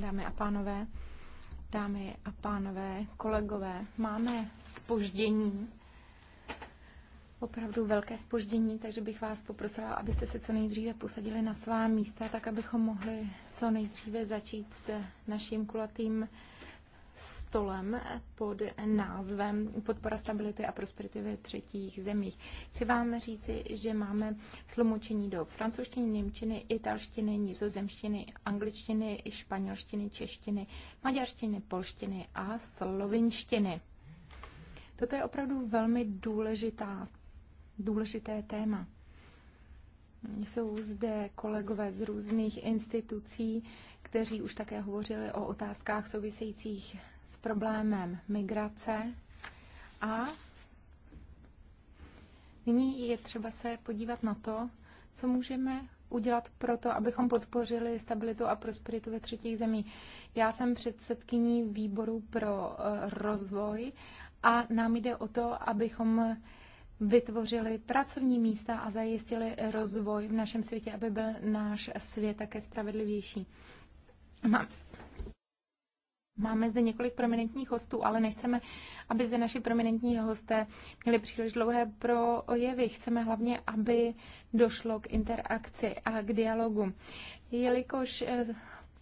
dámy a pánové, dámy a pánové, kolegové, máme spoždění, opravdu velké spoždění, takže bych vás poprosila, abyste se co nejdříve posadili na svá místa, tak abychom mohli co nejdříve začít s naším kulatým stolem pod názvem Podpora stability a prosperity ve třetích zemích. Chci vám říci, že máme tlumočení do francouzštiny, němčiny, italštiny, nizozemštiny, angličtiny, španělštiny, češtiny, maďarštiny, polštiny a slovinštiny. Toto je opravdu velmi důležitá, důležité téma. Jsou zde kolegové z různých institucí, kteří už také hovořili o otázkách souvisejících s problémem migrace a nyní je třeba se podívat na to, co můžeme udělat pro to, abychom podpořili stabilitu a prosperitu ve třetích zemí. Já jsem předsedkyní výboru pro eh, rozvoj a nám jde o to, abychom vytvořili pracovní místa a zajistili rozvoj v našem světě, aby byl náš svět také spravedlivější. Máme zde několik prominentních hostů, ale nechceme, aby zde naši prominentní hosté měli příliš dlouhé projevy. Chceme hlavně, aby došlo k interakci a k dialogu. Jelikož eh,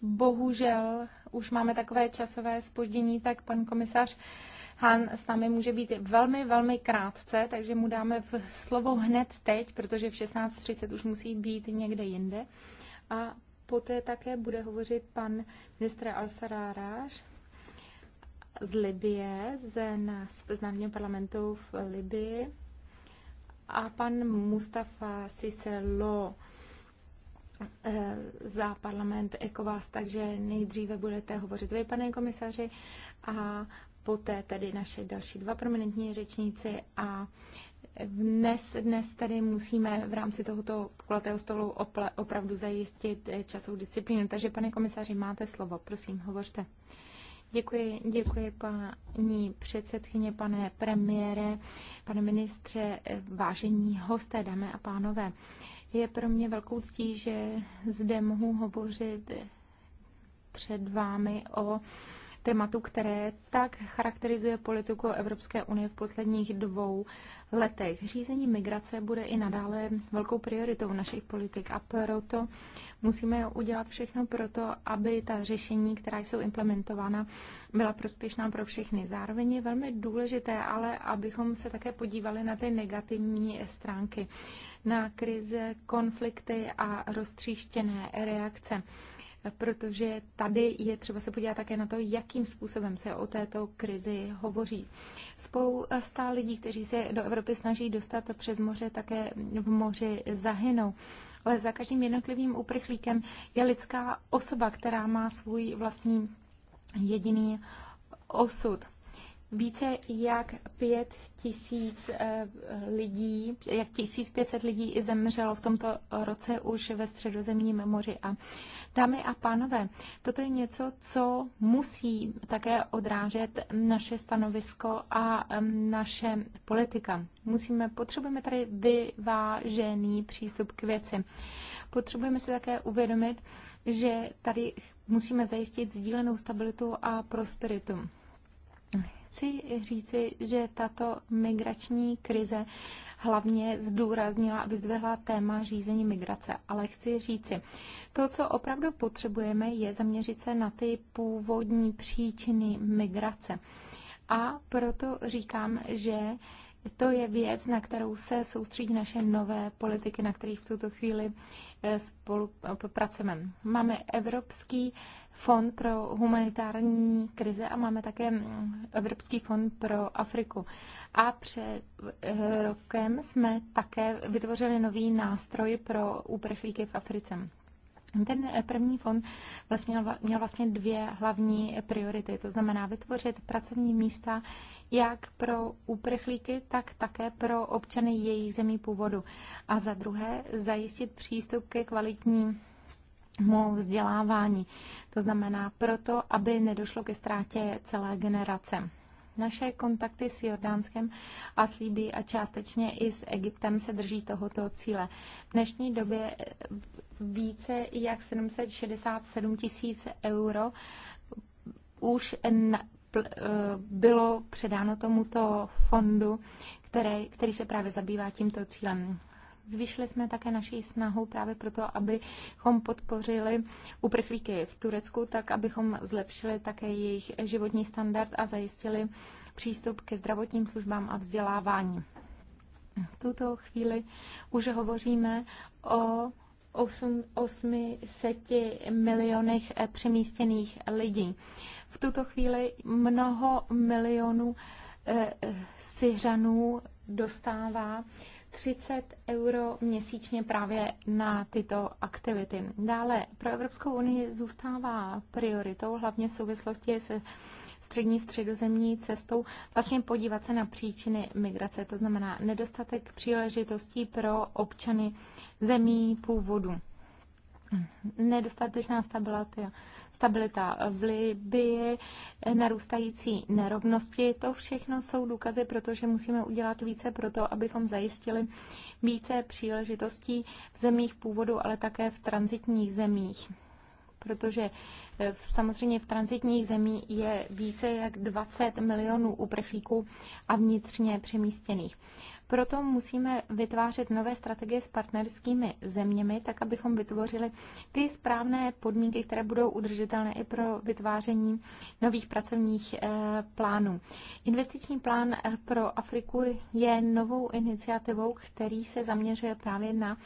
bohužel už máme takové časové spoždění, tak pan komisař Han s námi může být velmi, velmi krátce, takže mu dáme v slovo hned teď, protože v 16.30 už musí být někde jinde. A Poté také bude hovořit pan ministr Al-Saráráš z Libie, z, nás, z Národního parlamentu v Libii a pan Mustafa Siselo eh, za parlament ECOWAS, takže nejdříve budete hovořit vy, pane komisaři, a poté tedy naše další dva prominentní řečníci a dnes, dnes tady musíme v rámci tohoto kulatého stolu opravdu zajistit eh, časovou disciplínu. Takže, pane komisaři, máte slovo. Prosím, hovořte. Děkuji, děkuji paní předsedkyně, pane premiére, pane ministře, eh, vážení hosté, dámy a pánové. Je pro mě velkou ctí, že zde mohu hovořit eh, před vámi o tématu, které tak charakterizuje politiku Evropské unie v posledních dvou letech. Řízení migrace bude i nadále velkou prioritou našich politik a proto musíme udělat všechno pro to, aby ta řešení, která jsou implementována, byla prospěšná pro všechny. Zároveň je velmi důležité, ale abychom se také podívali na ty negativní stránky, na krize, konflikty a roztříštěné reakce protože tady je třeba se podívat také na to, jakým způsobem se o této krizi hovoří. Spousta lidí, kteří se do Evropy snaží dostat přes moře, také v moři zahynou ale za každým jednotlivým uprchlíkem je lidská osoba, která má svůj vlastní jediný osud. Více jak pět tisíc eh, lidí, jak 1500 lidí zemřelo v tomto roce už ve středozemním moři. A dámy a pánové, toto je něco, co musí také odrážet naše stanovisko a naše politika. Musíme, potřebujeme tady vyvážený přístup k věci. Potřebujeme si také uvědomit, že tady musíme zajistit sdílenou stabilitu a prosperitu chci říci, že tato migrační krize hlavně zdůraznila a vyzdvihla téma řízení migrace. Ale chci říci, to, co opravdu potřebujeme, je zaměřit se na ty původní příčiny migrace. A proto říkám, že to je věc, na kterou se soustředí naše nové politiky, na kterých v tuto chvíli eh, spolupracujeme. Eh, Máme Evropský fond pro humanitární krize a máme také mm, Evropský fond pro Afriku. A před eh, rokem jsme také vytvořili nový nástroj pro uprchlíky v Africe. Ten eh, první fond vlastně měl vlastně dvě hlavní priority, to znamená vytvořit pracovní místa jak pro uprchlíky, tak také pro občany jejich zemí původu. A za druhé zajistit přístup ke kvalitní mu vzdělávání. To znamená proto, aby nedošlo ke ztrátě celé generace. Naše kontakty s Jordánskem a s Líbí a částečně i s Egyptem se drží tohoto cíle. V dnešní době eh, více jak 767 tisíc euro už eh, bylo předáno tomuto fondu, který, který se právě zabývá tímto cílem. Zvýšili jsme také naší snahu právě proto, abychom podpořili uprchlíky v Turecku, tak abychom zlepšili také jejich životní standard a zajistili přístup ke zdravotním službám a vzdělávání. V tuto chvíli už hovoříme o 800 milionech eh, přemístěných lidí. V tuto chvíli mnoho milionů eh, eh, Syřanů dostává 30 euro měsíčně právě na tyto aktivity. Dále pro Evropskou unii zůstává prioritou, hlavně v souvislosti se střední středozemní cestou vlastně podívat se na příčiny migrace, to znamená nedostatek příležitostí pro občany zemí původu nedostatečná stabilita, stabilita v Libii, narůstající nerovnosti. To všechno jsou důkazy, protože musíme udělat více pro to, abychom zajistili více příležitostí v zemích původu, ale také v transitních zemích. Protože eh, v, samozřejmě v transitních zemích je více jak 20 milionů uprchlíků a vnitřně přemístěných. Proto musíme vytvářet nové strategie s partnerskými zeměmi, tak abychom vytvořili ty správné podmínky, které budou udržitelné i pro vytváření nových pracovních eh, plánů. Investiční plán eh, pro Afriku je novou iniciativou, který se zaměřuje právě na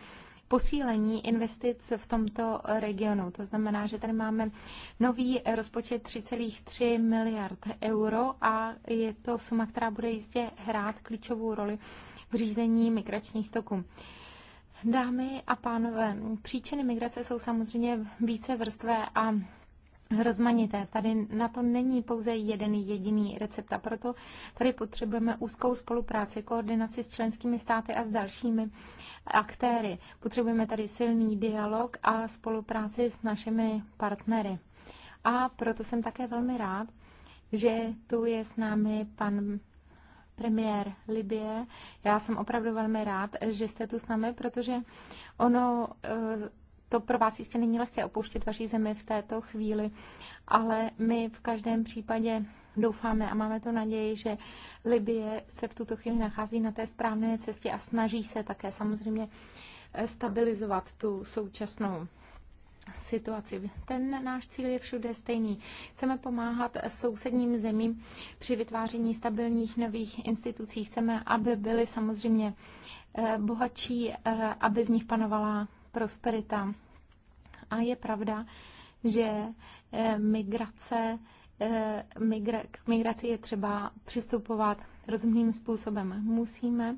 posílení investic v tomto regionu. To znamená, že tady máme nový rozpočet 3,3 miliard euro a je to suma, která bude jistě hrát klíčovou roli v řízení migračních toků. Dámy a pánové, příčiny migrace jsou samozřejmě více vrstvé a rozmanité. Tady na to není pouze jeden jediný recept a proto tady potřebujeme úzkou spolupráci, koordinaci s členskými státy a s dalšími aktéry. Potřebujeme tady silný dialog a spolupráci s našimi partnery. A proto jsem také velmi rád, že tu je s námi pan premiér Libie. Já jsem opravdu velmi rád, že jste tu s námi, protože ono eh, to pro vás jistě není lehké opouštět vaší zemi v této chvíli, ale my v každém případě doufáme a máme tu naději, že Libie se v tuto chvíli nachází na té správné cestě a snaží se také samozřejmě eh, stabilizovat tu současnou situaci. Ten náš cíl je všude stejný. Chceme pomáhat sousedním zemím při vytváření stabilních nových institucí. Chceme, aby byly samozřejmě eh, bohatší, eh, aby v nich panovala prosperita. A je pravda, že eh, migrace, migra, k migraci je třeba přistupovat rozumným způsobem. Musíme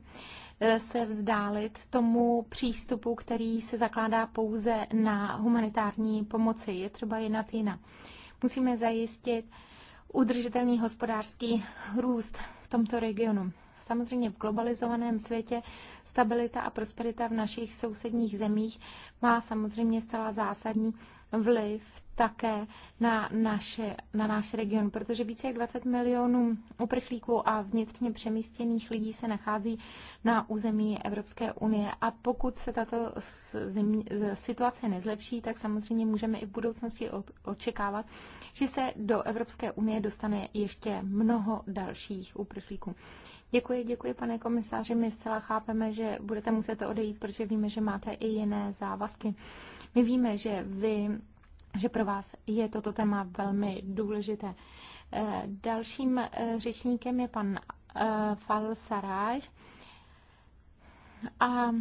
E, se vzdálit tomu přístupu, který se zakládá pouze na humanitární pomoci. Je třeba jednat jinak. Musíme zajistit udržitelný hospodářský růst v tomto regionu. Samozřejmě v globalizovaném světě stabilita a prosperita v našich sousedních zemích má samozřejmě zcela zásadní vliv také na, naše, na náš region, protože více jak 20 milionů uprchlíků a vnitřně přemístěných lidí se nachází na území Evropské unie a pokud se tato situace nezlepší, tak samozřejmě můžeme i v budoucnosti očekávat, že se do Evropské unie dostane ještě mnoho dalších uprchlíků. Děkuji, děkuji, pane komisáři. My zcela chápeme, že budete muset odejít, protože víme, že máte i jiné závazky. My víme, že vy že pro vás je toto téma velmi důležité. Eh, dalším eh, řečníkem je pan eh, Fal Saráž. A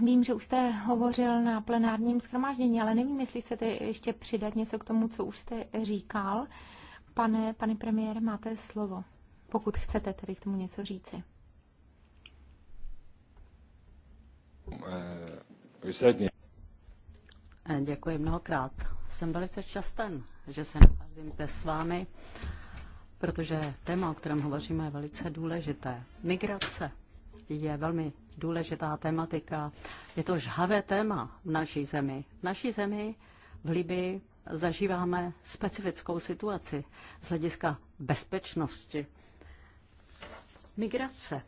vím, že už jste hovořil na plenárním schromáždění, ale nevím, jestli chcete ještě přidat něco k tomu, co už jste říkal. Pane, pane premiére, máte slovo, pokud chcete tedy k tomu něco říci. Vysvětně. Eh, děkuji mnohokrát. Jsem velice šťastný, že se nacházím zde s vámi, protože téma, o kterém hovoříme, je velice důležité. Migrace je velmi důležitá tematika. Je to žhavé téma v naší zemi. V naší zemi v Libii zažíváme specifickou situaci z hlediska bezpečnosti. Migrace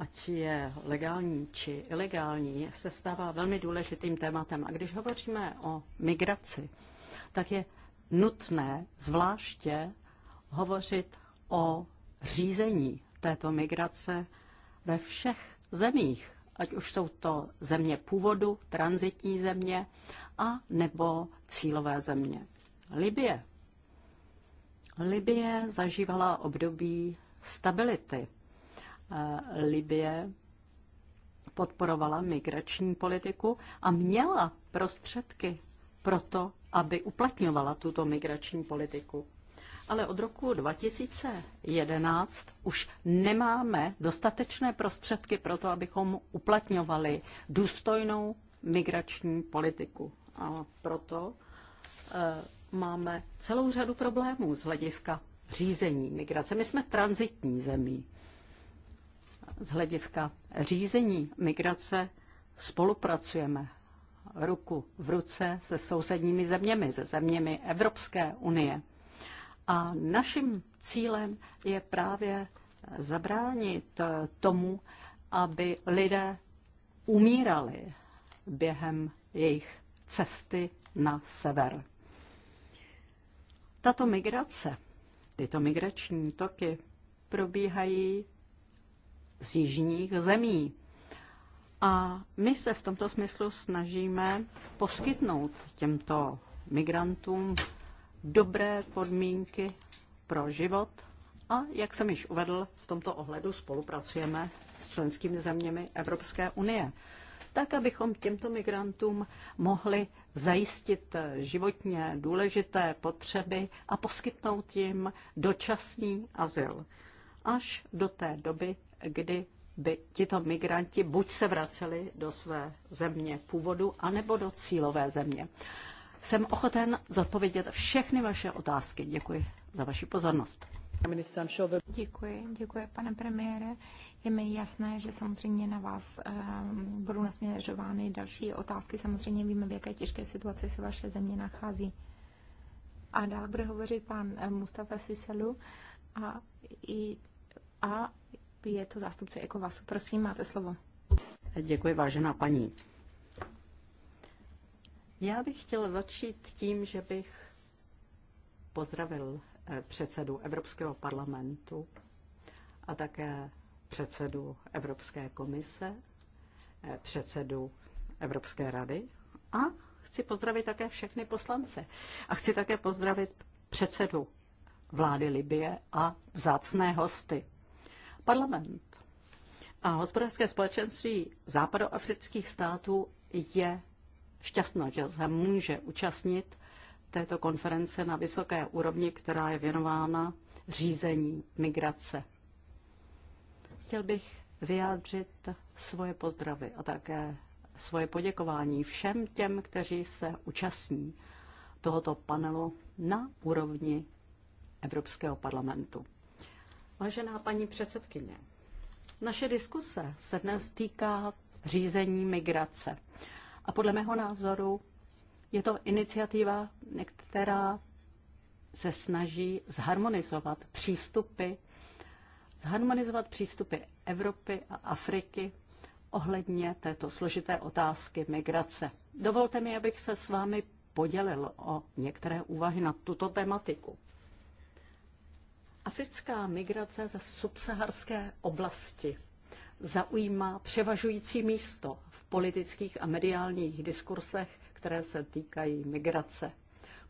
ať je legální či ilegální, se stává velmi důležitým tématem. A když hovoříme o migraci, tak je nutné zvláště hovořit o řízení této migrace ve všech zemích, ať už jsou to země původu, transitní země a nebo cílové země. Libie. Libie zažívala období stability Eh, Libie podporovala migrační politiku a měla prostředky pro to, aby uplatňovala tuto migrační politiku. Ale od roku 2011 už nemáme dostatečné prostředky pro to, abychom uplatňovali důstojnou migrační politiku. A proto e, máme celou řadu problémů z hlediska řízení migrace. My jsme transitní zemí z hlediska řízení migrace spolupracujeme ruku v ruce se sousedními zeměmi, se zeměmi Evropské unie. A naším cílem je právě zabránit tomu, aby lidé umírali během jejich cesty na sever. Tato migrace, tyto migrační toky probíhají z jižních zemí. A my se v tomto smyslu snažíme poskytnout těmto migrantům dobré podmínky pro život a, jak jsem již uvedl, v tomto ohledu spolupracujeme s členskými zeměmi Evropské unie, tak abychom těmto migrantům mohli zajistit životně důležité potřeby a poskytnout jim dočasný azyl až do té doby, kdy by tito migranti buď se vraceli do své země původu, anebo do cílové země. Jsem ochoten zodpovědět všechny vaše otázky. Děkuji za vaši pozornost. Děkuji, děkuji, pane premiére. Je mi jasné, že samozřejmě na vás uh, budou nasměřovány další otázky. Samozřejmě víme, v jaké těžké situaci se vaše země nachází. A dál bude hovořit pan eh, Mustafa Siselu a, i, a je to zástupce ECOVASu. Prosím, máte slovo. Děkuji, vážená paní. Já bych chtěl začít tím, že bych pozdravil eh, předsedu Evropského parlamentu a také předsedu Evropské komise, eh, předsedu Evropské rady a chci pozdravit také všechny poslance. A chci také pozdravit předsedu vlády Libie a vzácné hosty. Parlament a hospodářské společenství západoafrických států je šťastno, že se může účastnit této konference na vysoké úrovni, která je věnována řízení migrace. Chtěl bych vyjádřit svoje pozdravy a také svoje poděkování všem těm, kteří se účastní tohoto panelu na úrovni Evropského parlamentu. Vážená paní předsedkyně, naše diskuse se dnes týká řízení migrace. A podle mého názoru je to iniciativa, která se snaží zharmonizovat přístupy, zharmonizovat přístupy Evropy a Afriky ohledně této složité otázky migrace. Dovolte mi, abych se s vámi podělil o některé úvahy na tuto tematiku. Africká migrace ze subsaharské oblasti zaujímá převažující místo v politických a mediálních diskursech, které se týkají migrace.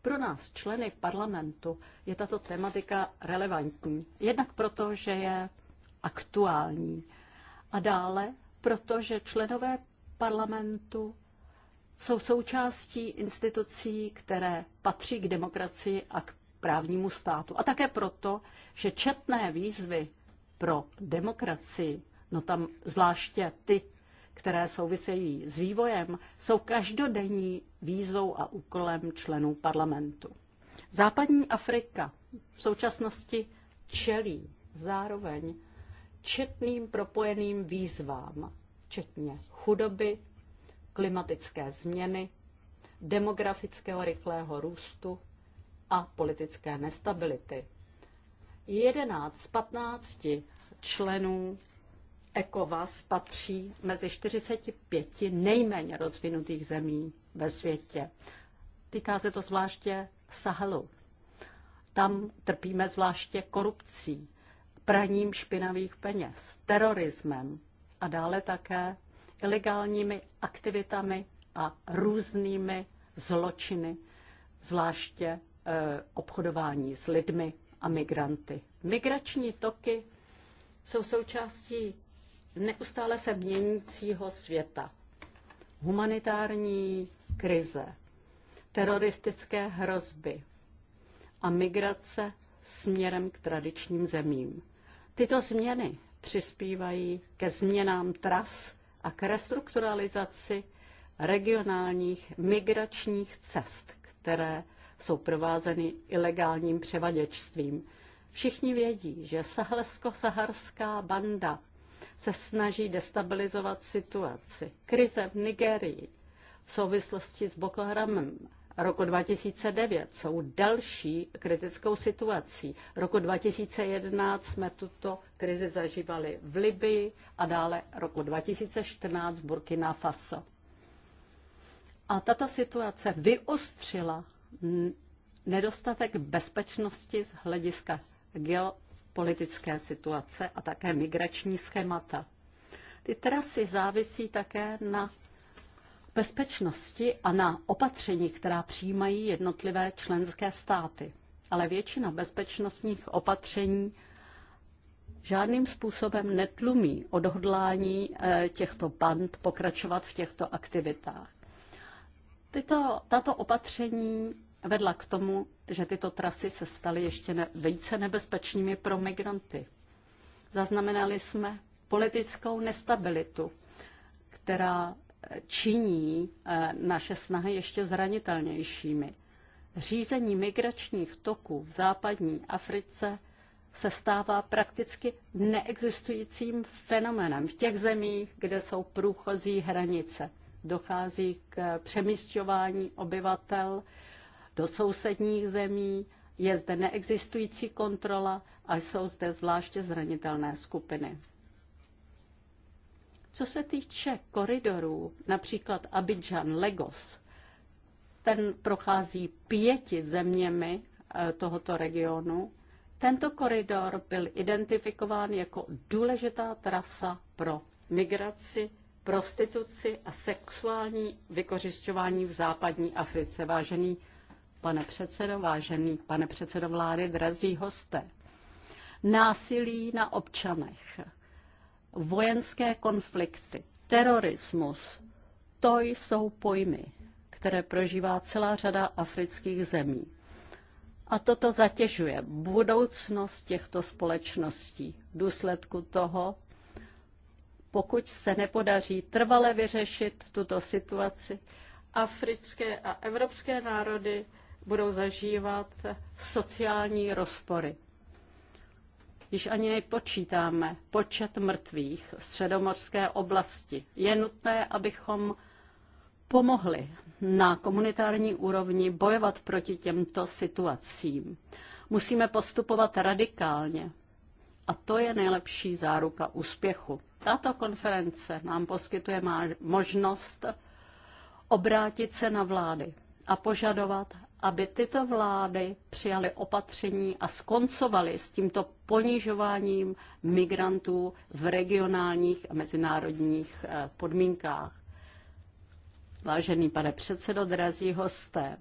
Pro nás, členy parlamentu, je tato tematika relevantní. Jednak proto, že je aktuální a dále proto, že členové parlamentu jsou součástí institucí, které patří k demokracii a k právnímu státu. A také proto, že četné výzvy pro demokracii, no tam zvláště ty, které souvisejí s vývojem, jsou každodenní výzvou a úkolem členů parlamentu. Západní Afrika v současnosti čelí zároveň četným propojeným výzvám, včetně chudoby, klimatické změny, demografického rychlého růstu a politické nestability. 11 z 15 členů ECOWAS patří mezi 45 nejméně rozvinutých zemí ve světě. Týká se to zvláště Sahelu. Tam trpíme zvláště korupcí, praním špinavých peněz, terorismem a dále také ilegálními aktivitami a různými zločiny, zvláště Eh, obchodování s lidmi a migranty. Migrační toky jsou součástí neustále se měnícího světa. Humanitární krize, teroristické hrozby a migrace směrem k tradičním zemím. Tyto změny přispívají ke změnám tras a k restrukturalizaci regionálních migračních cest, které jsou provázeny ilegálním převaděčstvím. Všichni vědí, že sahelsko-saharská banda se snaží destabilizovat situaci. Krize v Nigerii v souvislosti s Boko Haramem roku 2009 jsou další kritickou situací. Roku 2011 jsme tuto krizi zažívali v Libii a dále roku 2014 v Burkina Faso. A tato situace vyostřila nedostatek bezpečnosti z hlediska geopolitické situace a také migrační schémata. Ty trasy závisí také na bezpečnosti a na opatření, která přijímají jednotlivé členské státy. Ale většina bezpečnostních opatření žádným způsobem netlumí odhodlání eh, těchto band pokračovat v těchto aktivitách. Tyto, tato opatření vedla k tomu, že tyto trasy se staly ještě ne, více nebezpečnými pro migranty. Zaznamenali jsme politickou nestabilitu, která činí eh, naše snahy ještě zranitelnějšími. Řízení migračních toků v západní Africe se stává prakticky neexistujícím fenomenem v těch zemích, kde jsou průchozí hranice dochází k přemysťování obyvatel do sousedních zemí, je zde neexistující kontrola a jsou zde zvláště zranitelné skupiny. Co se týče koridorů, například Abidjan, Legos, ten prochází pěti zeměmi eh, tohoto regionu. Tento koridor byl identifikován jako důležitá trasa pro migraci prostituci a sexuální vykořišťování v západní Africe. Vážený pane předsedo, vážený pane předsedo vlády, drazí hosté. Násilí na občanech, vojenské konflikty, terorismus, to jsou pojmy, které prožívá celá řada afrických zemí. A toto zatěžuje budoucnost těchto společností. V důsledku toho pokud se nepodaří trvale vyřešit tuto situaci, africké a evropské národy budou zažívat sociální rozpory. Již ani nepočítáme počet mrtvých v středomorské oblasti. Je nutné, abychom pomohli na komunitární úrovni bojovat proti těmto situacím. Musíme postupovat radikálně, a to je nejlepší záruka úspěchu. Tato konference nám poskytuje možnost obrátit se na vlády a požadovat, aby tyto vlády přijaly opatření a skoncovaly s tímto ponižováním migrantů v regionálních a mezinárodních eh, podmínkách. Vážený pane předsedo, drazí hosté,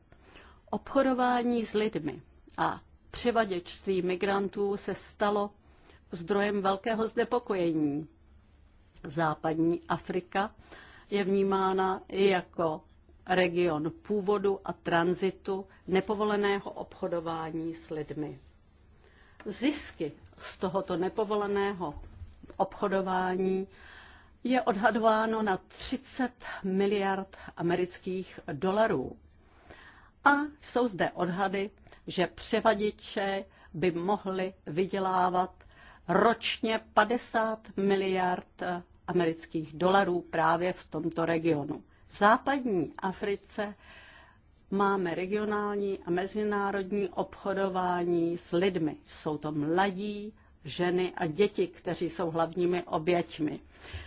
obchodování s lidmi a převaděčství migrantů se stalo zdrojem velkého znepokojení. Západní Afrika je vnímána i jako region původu a tranzitu nepovoleného obchodování s lidmi. Zisky z tohoto nepovoleného obchodování je odhadováno na 30 miliard amerických dolarů. A jsou zde odhady, že převaděče by mohli vydělávat ročně 50 miliard amerických dolarů právě v tomto regionu. V západní Africe máme regionální a mezinárodní obchodování s lidmi. Jsou to mladí, ženy a děti, kteří jsou hlavními oběťmi.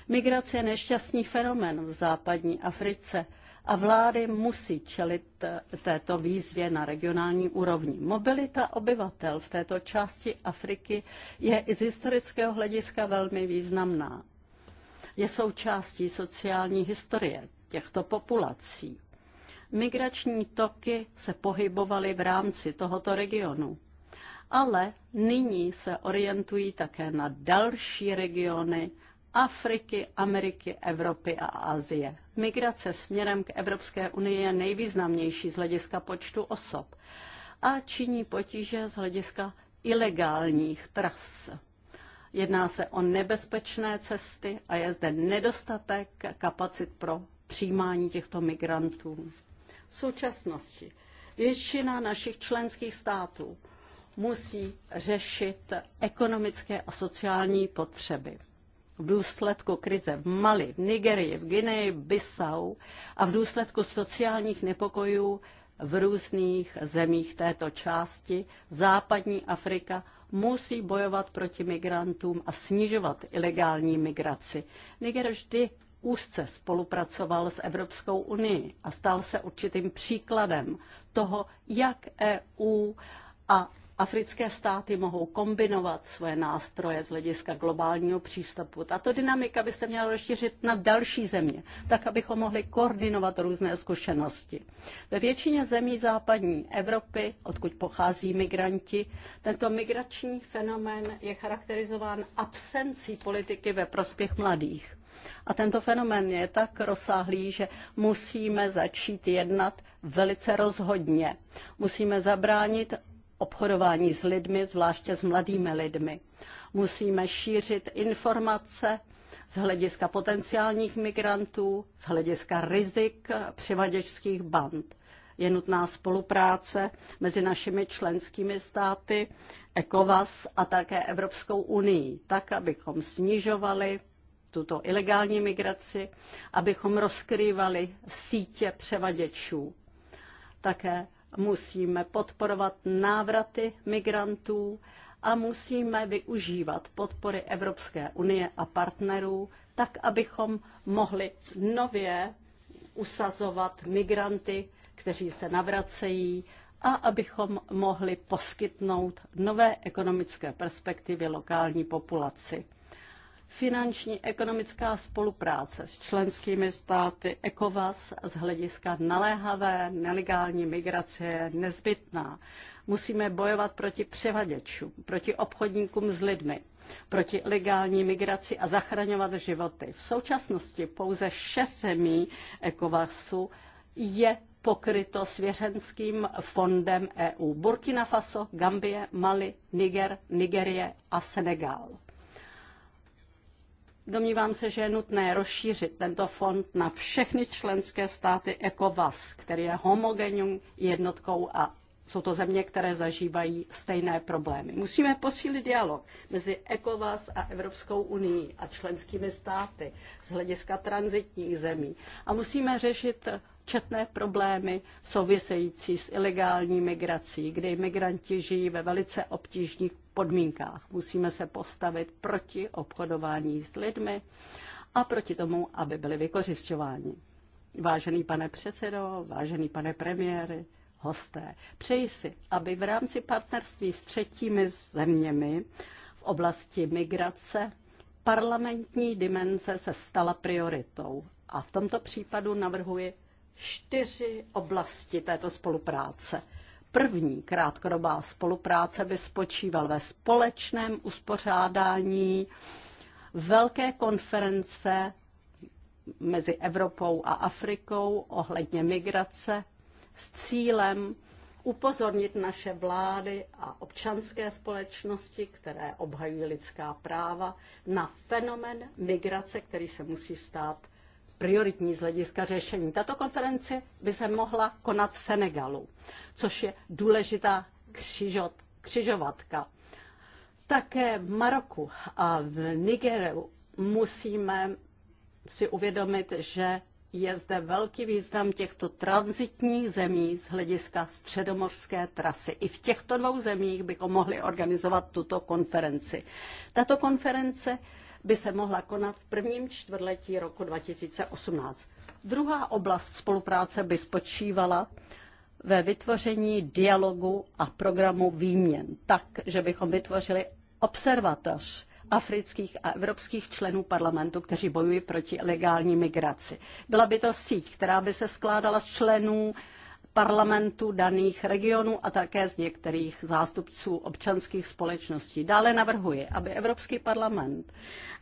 Migrace je nešťastný fenomen v západní Africe a vlády musí čelit eh, této výzvě na regionální úrovni. Mobilita obyvatel v této části Afriky je i z historického hlediska velmi významná. Je součástí sociální historie těchto populací. Migrační toky se pohybovaly v rámci tohoto regionu, ale nyní se orientují také na další regiony Afriky, Ameriky, Evropy a Asie. Migrace směrem k Evropské unii je nejvýznamnější z hlediska počtu osob a činí potíže z hlediska ilegálních tras. Jedná se o nebezpečné cesty a je zde nedostatek kapacit pro přijímání těchto migrantů. V současnosti většina našich členských států musí řešit ekonomické a sociální potřeby v důsledku krize v Mali, v Nigerii, v Guineji, Bissau a v důsledku sociálních nepokojů v různých zemích této části západní Afrika musí bojovat proti migrantům a snižovat ilegální migraci. Niger vždy úzce spolupracoval s Evropskou unii a stal se určitým příkladem toho, jak EU a Africké státy mohou kombinovat své nástroje z hlediska globálního přístupu. Tato dynamika by se měla rozšířit na další země, tak abychom mohli koordinovat různé zkušenosti. Ve většině zemí západní Evropy, odkud pochází migranti, tento migrační fenomén je charakterizován absencí politiky ve prospěch mladých. A tento fenomén je tak rozsáhlý, že musíme začít jednat velice rozhodně. Musíme zabránit obchodování s lidmi, zvláště s mladými lidmi. Musíme šířit informace z hlediska potenciálních migrantů, z hlediska rizik přivaděčských band. Je nutná spolupráce mezi našimi členskými státy, ECOVAS a také Evropskou unii, tak, abychom snižovali tuto ilegální migraci, abychom rozkrývali sítě převaděčů. Také musíme podporovat návraty migrantů a musíme využívat podpory Evropské unie a partnerů, tak abychom mohli nově usazovat migranty, kteří se navracejí a abychom mohli poskytnout nové ekonomické perspektivy lokální populaci finanční ekonomická spolupráce s členskými státy ECOWAS z hlediska naléhavé nelegální migrace je nezbytná. Musíme bojovat proti převaděčům, proti obchodníkům s lidmi, proti legální migraci a zachraňovat životy. V současnosti pouze šest zemí ECOWASu je pokryto svěřenským fondem EU. Burkina Faso, Gambie, Mali, Niger, Nigerie a Senegal. Domnívám se, že je nutné rozšířit tento fond na všechny členské státy ECOVAS, který je homogenní jednotkou a jsou to země, které zažívají stejné problémy. Musíme posílit dialog mezi ECOVAS a Evropskou unii a členskými státy z hlediska transitních zemí. A musíme řešit četné problémy související s ilegální migrací, kde migranti žijí ve velice obtížných podmínkách. Musíme se postavit proti obchodování s lidmi a proti tomu, aby byli vykořišťováni. Vážený pane předsedo, vážený pane premiéry, hosté, přeji si, aby v rámci partnerství s třetími zeměmi v oblasti migrace parlamentní dimenze se stala prioritou. A v tomto případu navrhuji čtyři oblasti této spolupráce. První krátkodobá spolupráce by spočíval ve společném uspořádání velké konference mezi Evropou a Afrikou ohledně migrace s cílem upozornit naše vlády a občanské společnosti, které obhajují lidská práva, na fenomen migrace, který se musí stát prioritní z hlediska řešení. Tato konference by se mohla konat v Senegalu, což je důležitá křižot, křižovatka. Také v Maroku a v Nigeru musíme si uvědomit, že je zde velký význam těchto transitních zemí z hlediska středomorské trasy. I v těchto dvou zemích bychom mohli organizovat tuto konferenci. Tato konference by se mohla konat v prvním čtvrtletí roku 2018. Druhá oblast spolupráce by spočívala ve vytvoření dialogu a programu výměn, tak, že bychom vytvořili observatoř afrických a evropských členů parlamentu, kteří bojují proti legální migraci. Byla by to síť, která by se skládala z členů parlamentů daných regionů a také z některých zástupců občanských společností. Dále navrhuji, aby Evropský parlament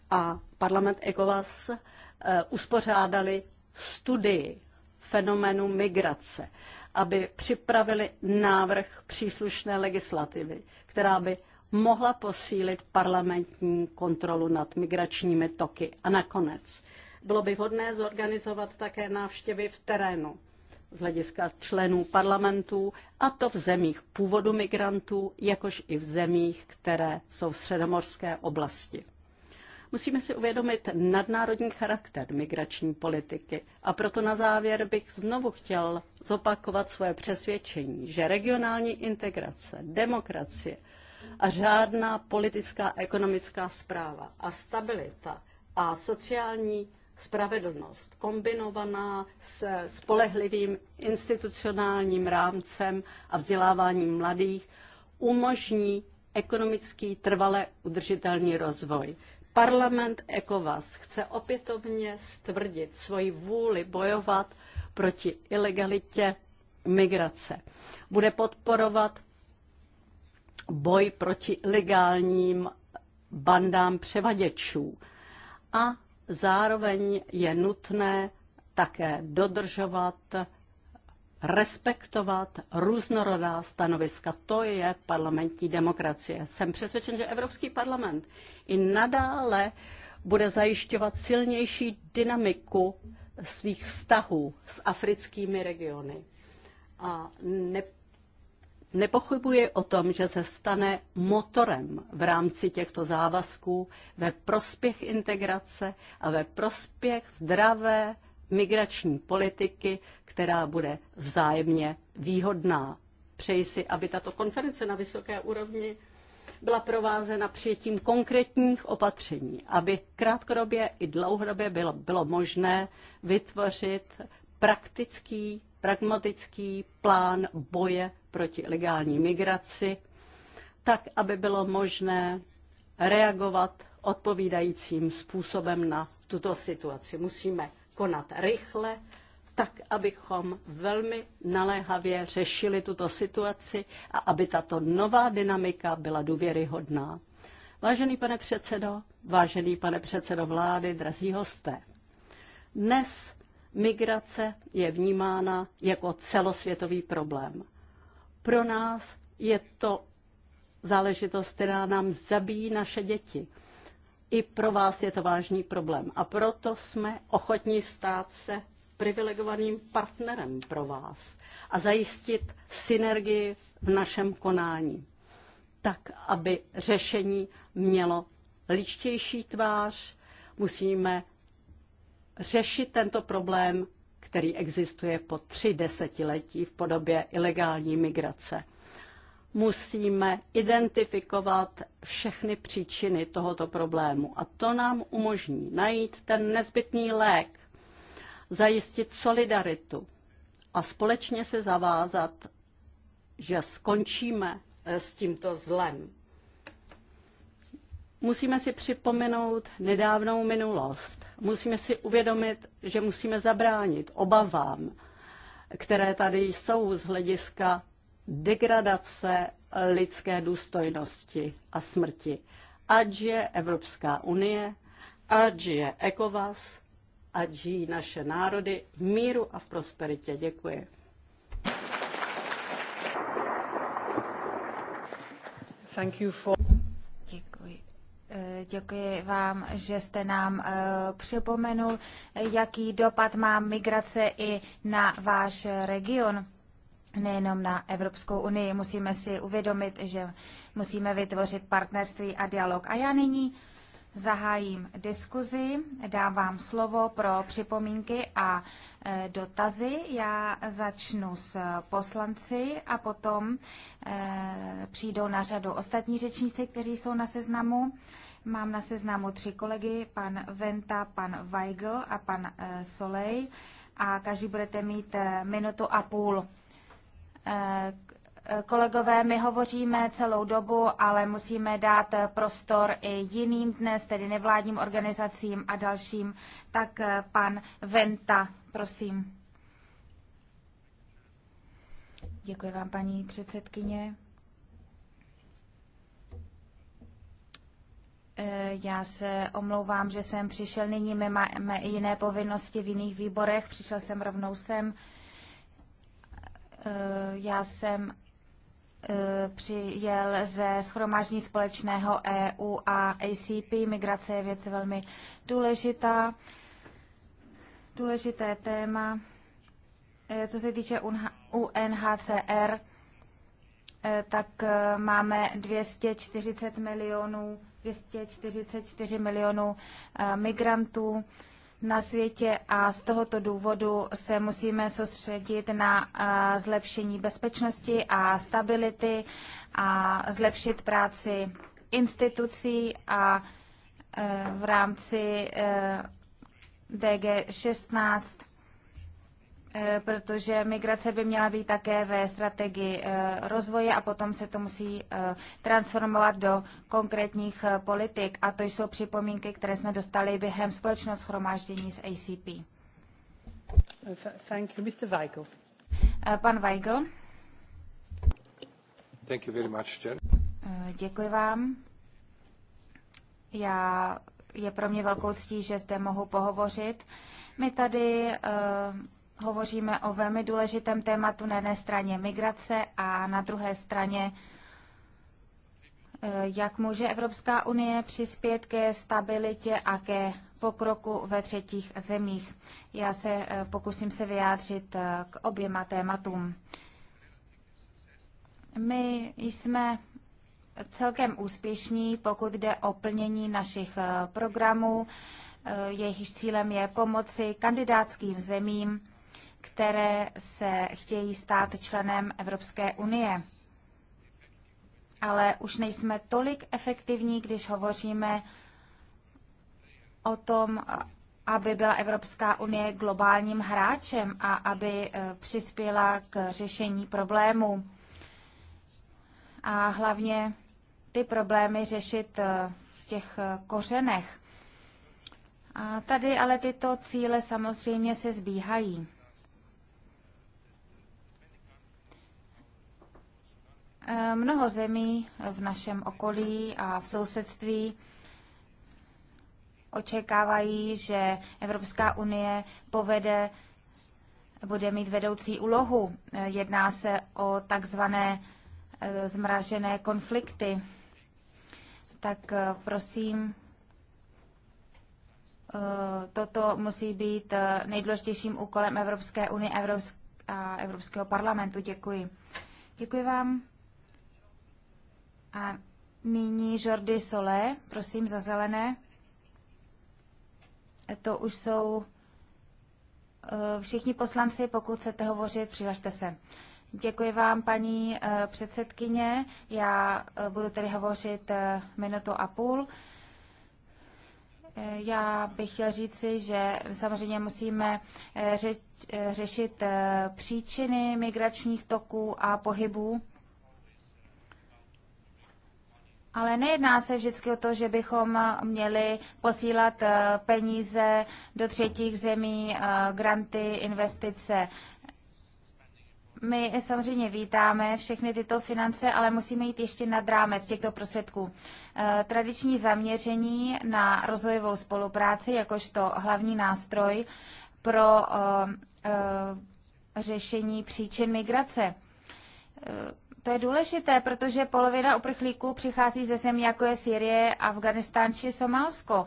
a parlament ECOWAS eh, uspořádali studii fenoménu migrace, aby připravili návrh příslušné legislativy, která by mohla posílit parlamentní kontrolu nad migračními toky. A nakonec bylo by vhodné zorganizovat také návštěvy v terénu z hlediska členů parlamentů, a to v zemích původu migrantů, jakož i v zemích, které jsou v středomorské oblasti. Musíme si uvědomit nadnárodní charakter migrační politiky a proto na závěr bych znovu chtěl zopakovat svoje přesvědčení, že regionální integrace, demokracie a žádná politická ekonomická zpráva a stabilita a sociální spravedlnost kombinovaná s spolehlivým institucionálním rámcem a vzděláváním mladých umožní ekonomický trvale udržitelný rozvoj. Parlament ECOWAS chce opětovně stvrdit svoji vůli bojovat proti ilegalitě migrace. Bude podporovat boj proti legálním bandám převaděčů a Zároveň je nutné také dodržovat, respektovat různorodá stanoviska. To je parlamentní demokracie. Jsem přesvědčen, že Evropský parlament i nadále bude zajišťovat silnější dynamiku svých vztahů s africkými regiony. A ne, Nepochybuji o tom, že se stane motorem v rámci těchto závazků ve prospěch integrace a ve prospěch zdravé migrační politiky, která bude vzájemně výhodná. Přeji si, aby tato konference na vysoké úrovni byla provázena přijetím konkrétních opatření, aby krátkodobě i dlouhodobě bylo, bylo možné vytvořit praktický, pragmatický plán boje proti legální migraci, tak aby bylo možné reagovat odpovídajícím způsobem na tuto situaci. Musíme konat rychle, tak abychom velmi naléhavě řešili tuto situaci a aby tato nová dynamika byla důvěryhodná. Vážený pane předsedo, vážený pane předsedo vlády, drazí hosté, dnes migrace je vnímána jako celosvětový problém. Pro nás je to záležitost, která nám zabíjí naše děti. I pro vás je to vážný problém. A proto jsme ochotní stát se privilegovaným partnerem pro vás a zajistit synergii v našem konání, tak aby řešení mělo ličtější tvář. Musíme řešit tento problém který existuje po tři desetiletí v podobě ilegální migrace. Musíme identifikovat všechny příčiny tohoto problému a to nám umožní najít ten nezbytný lék, zajistit solidaritu a společně se zavázat, že skončíme s tímto zlem. Musíme si připomenout nedávnou minulost. Musíme si uvědomit, že musíme zabránit obavám, které tady jsou z hlediska degradace lidské důstojnosti a smrti. Ať je Evropská unie, ať je ECOVAS, ať žijí naše národy v míru a v prosperitě. Děkuji. Thank you for... Eh, děkuji vám, že jste nám eh, připomenul, jaký dopad má migrace i na váš region nejenom na Evropskou unii. Musíme si uvědomit, že musíme vytvořit partnerství a dialog. A já nyní zahájím diskuzi, dám vám slovo pro připomínky a e, dotazy. Já začnu s poslanci a potom e, přijdou na řadu ostatní řečníci, kteří jsou na seznamu. Mám na seznamu tři kolegy, pan Venta, pan Weigl a pan e, Solej a každý budete mít minutu a půl Kolegové, my hovoříme celou dobu, ale musíme dát prostor i jiným dnes, tedy nevládním organizacím a dalším. Tak eh, pan Venta, prosím. Děkuji vám, paní předsedkyně. Eh, já se omlouvám, že jsem přišel nyní, my máme i jiné povinnosti v jiných výborech, přišel jsem rovnou sem. Eh, já jsem Eh, přijel ze schromáždění společného EU a ACP. Migrace je věc velmi důležitá, důležité téma. Eh, co se týče UNHCR, eh, tak máme 240 milionů, 244 milionů migrantů na světě a z tohoto důvodu se musíme soustředit na zlepšení bezpečnosti a stability a zlepšit práci institucí a e, v rámci e, DG16 Eh, protože migrace by měla být také ve strategii eh, rozvoje a potom se to musí eh, transformovat do konkrétních politik. A to jsou připomínky, které jsme dostali během společného schromáždění s ACP. Thank you, Mr. Weigl. Pan Weigl. Thank you very much, Jen. Děkuji vám. Já, je pro mě velkou ctí, že zde mohu pohovořit. My tady hovoříme o velmi důležitém tématu na jedné straně migrace a na druhé straně, eh, jak může Evropská unie přispět ke stabilitě a ke pokroku ve třetích zemích. Já se eh, pokusím se vyjádřit eh, k oběma tématům. My jsme celkem úspěšní, pokud jde o plnění našich programů. Jejich cílem je pomoci kandidátským zemím které se chtějí stát členem Evropské unie. Ale už nejsme tolik efektivní, když hovoříme o tom, aby byla Evropská unie globálním hráčem a aby e, přispěla k řešení problémů. A hlavně ty problémy řešit e, v těch e, kořenech. A tady ale tyto cíle samozřejmě se zbíhají. Eh, mnoho zemí v našem okolí a v sousedství očekávají, že Evropská unie povede, bude mít vedoucí úlohu. Eh, jedná se o takzvané eh, zmražené konflikty. Tak prosím, toto musí být nejdůležitějším úkolem Evropské unie a Evropského parlamentu. Děkuji. Děkuji vám. A nyní Jordi Solé, prosím, za zelené. To už jsou eh, všichni poslanci, pokud chcete hovořit, přihlašte se. Děkuji vám, paní eh, předsedkyně. Já eh, budu tedy hovořit minutu a půl. Já bych chtěl říci, že samozřejmě musíme řeč, řešit příčiny migračních toků a pohybů ale nejedná se vždycky o to, že bychom měli posílat eh, peníze do třetích zemí, eh, granty, investice. My samozřejmě vítáme všechny tyto finance, ale musíme jít ještě nad rámec těchto prostředků. Eh, tradiční zaměření na rozvojovou spolupráci jakožto hlavní nástroj pro řešení příčin migrace to je důležité, protože polovina uprchlíků přichází ze zemí, jako je Syrie, Afganistán či Somálsko.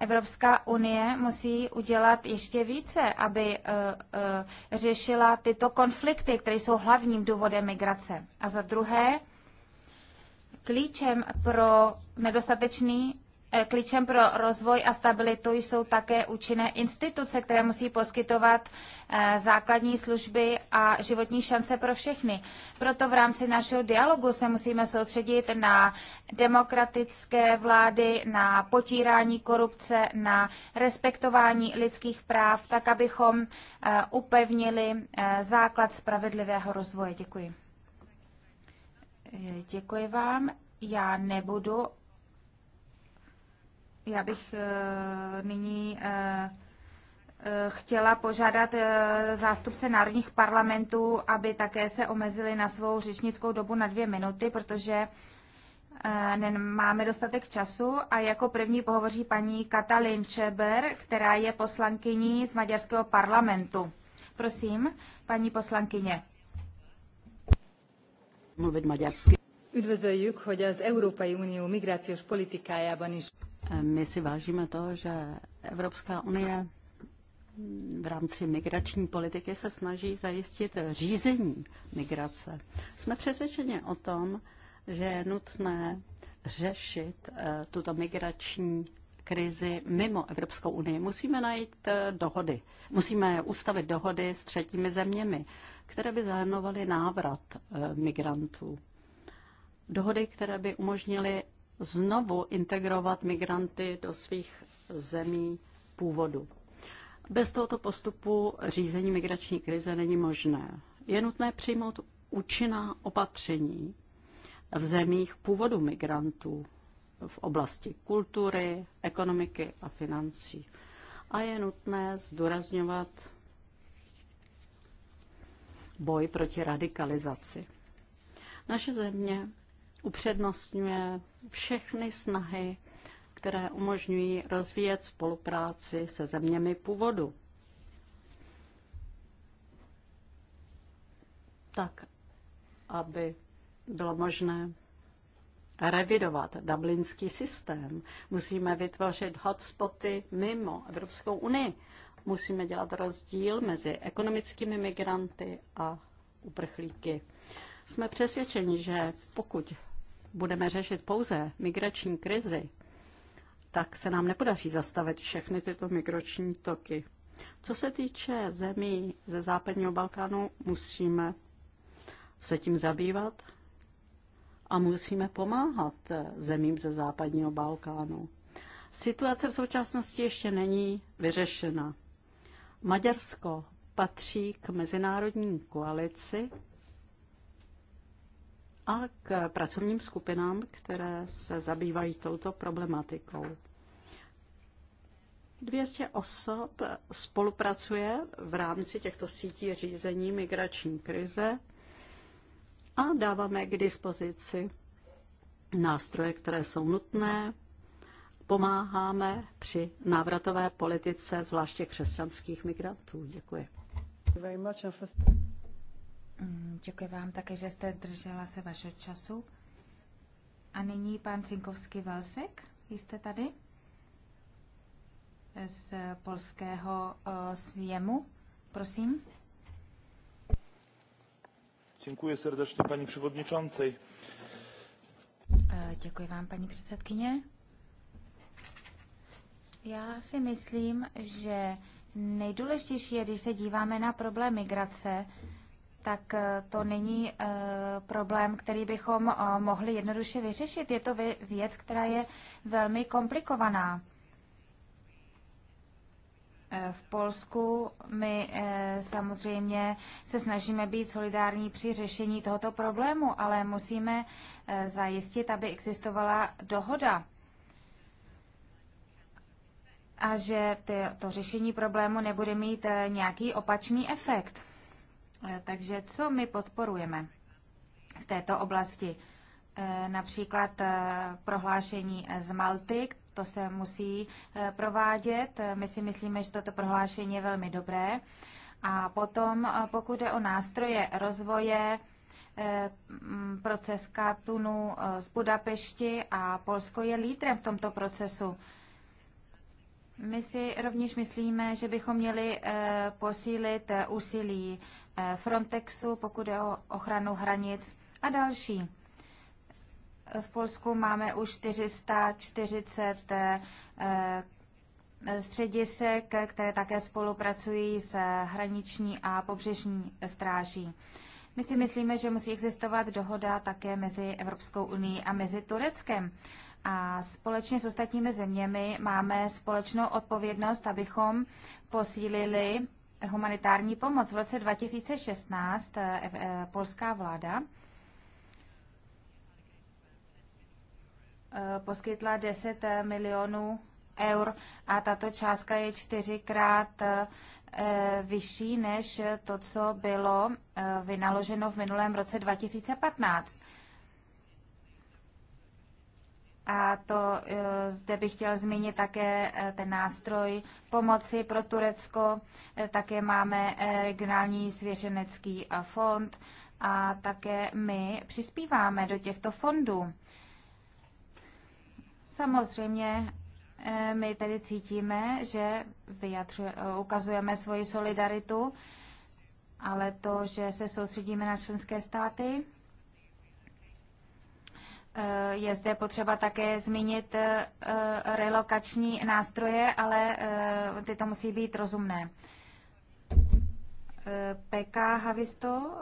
Evropská unie musí udělat ještě více, aby uh, uh, řešila tyto konflikty, které jsou hlavním důvodem migrace. A za druhé, klíčem pro nedostatečný E, klíčem pro rozvoj a stabilitu jsou také účinné instituce, které musí poskytovat e, základní služby a životní šance pro všechny. Proto v rámci našeho dialogu se musíme soustředit na demokratické vlády, na potírání korupce, na respektování lidských práv, tak abychom e, upevnili základ spravedlivého rozvoje. Děkuji. Děkuji vám. Já nebudu já bych eh, nyní eh, eh, chtěla požádat zástupce národních parlamentů, aby také se omezili na svou řečnickou dobu na dvě minuty, protože máme dostatek času a jako první pohovoří paní Katalin Čeber, která je poslankyní z maďarského parlamentu. Prosím, paní poslankyně. Mluvit maďarsky. Üdvözöljük, hogy az Európai Unió migrációs politikájában is my si vážíme to, že Evropská unie v rámci migrační politiky se snaží zajistit řízení migrace. Jsme přesvědčeni o tom, že je nutné řešit eh, tuto migrační krizi mimo Evropskou unii. Musíme najít eh, dohody. Musíme ustavit dohody s třetími zeměmi, které by zahrnovaly návrat eh, migrantů. Dohody, které by umožnily znovu integrovat migranty do svých zemí původu. Bez tohoto postupu řízení migrační krize není možné. Je nutné přijmout účinná opatření v zemích původu migrantů v oblasti kultury, ekonomiky a financí. A je nutné zdůrazňovat boj proti radikalizaci. Naše země upřednostňuje všechny snahy, které umožňují rozvíjet spolupráci se zeměmi původu. Tak, aby bylo možné revidovat dublinský systém. Musíme vytvořit hotspoty mimo Evropskou unii. Musíme dělat rozdíl mezi ekonomickými migranty a uprchlíky. Jsme přesvědčeni, že pokud budeme řešit pouze migrační krizi, tak se nám nepodaří zastavit všechny tyto migrační toky. Co se týče zemí ze západního Balkánu, musíme se tím zabývat a musíme pomáhat zemím ze západního Balkánu. Situace v současnosti ještě není vyřešena. Maďarsko patří k mezinárodní koalici, a k pracovním skupinám, které se zabývají touto problematikou. 200 osob spolupracuje v rámci těchto sítí řízení migrační krize a dáváme k dispozici nástroje, které jsou nutné. Pomáháme při návratové politice, zvláště křesťanských migrantů. Děkuji. Mm, děkuji vám také, že jste držela se vašeho času. A nyní pan Cinkovský Velsek, jste tady z polského eh, sněmu, prosím. Děkuji srdečně paní předsedající. Eh, děkuji vám, paní předsedkyně. Já si myslím, že nejdůležitější je, když se díváme na problém migrace, tak eh, to není eh, problém, který bychom eh, mohli jednoduše vyřešit. Je to věc, která je velmi komplikovaná. V Polsku my samozřejmě se snažíme být solidární při řešení tohoto problému, ale musíme zajistit, aby existovala dohoda a že to řešení problému nebude mít nějaký opačný efekt. Eh, takže co my podporujeme v této oblasti? Eh, například eh, prohlášení z Malty, to se musí provádět. My si myslíme, že toto prohlášení je velmi dobré. A potom, pokud jde o nástroje rozvoje, proces Katunu z Budapešti a Polsko je lídrem v tomto procesu. My si rovněž myslíme, že bychom měli eh, posílit eh, úsilí eh, Frontexu, pokud je o ochranu hranic a další. V Polsku máme už 440 středisek, které také spolupracují s hraniční a pobřežní stráží. My si myslíme, že musí existovat dohoda také mezi Evropskou unii a mezi Tureckem a společně s ostatními zeměmi máme společnou odpovědnost, abychom posílili humanitární pomoc. V roce 2016 eh, eh, polská vláda eh, poskytla 10 milionů eur a tato částka je čtyřikrát vyšší než to, co bylo vynaloženo v minulém roce 2015. A to eh, zde bych chtěl zmínit také eh, ten nástroj pomoci pro Turecko. Eh, také máme regionální svěřenecký fond a také my přispíváme do těchto fondů. Samozřejmě my tedy cítíme, že ukazujeme svoji solidaritu, ale to, že se soustředíme na členské státy, Eh, je zde potřeba také zmínit eh, eh, relokační nástroje, ale tyto musí být rozumné. PK Havisto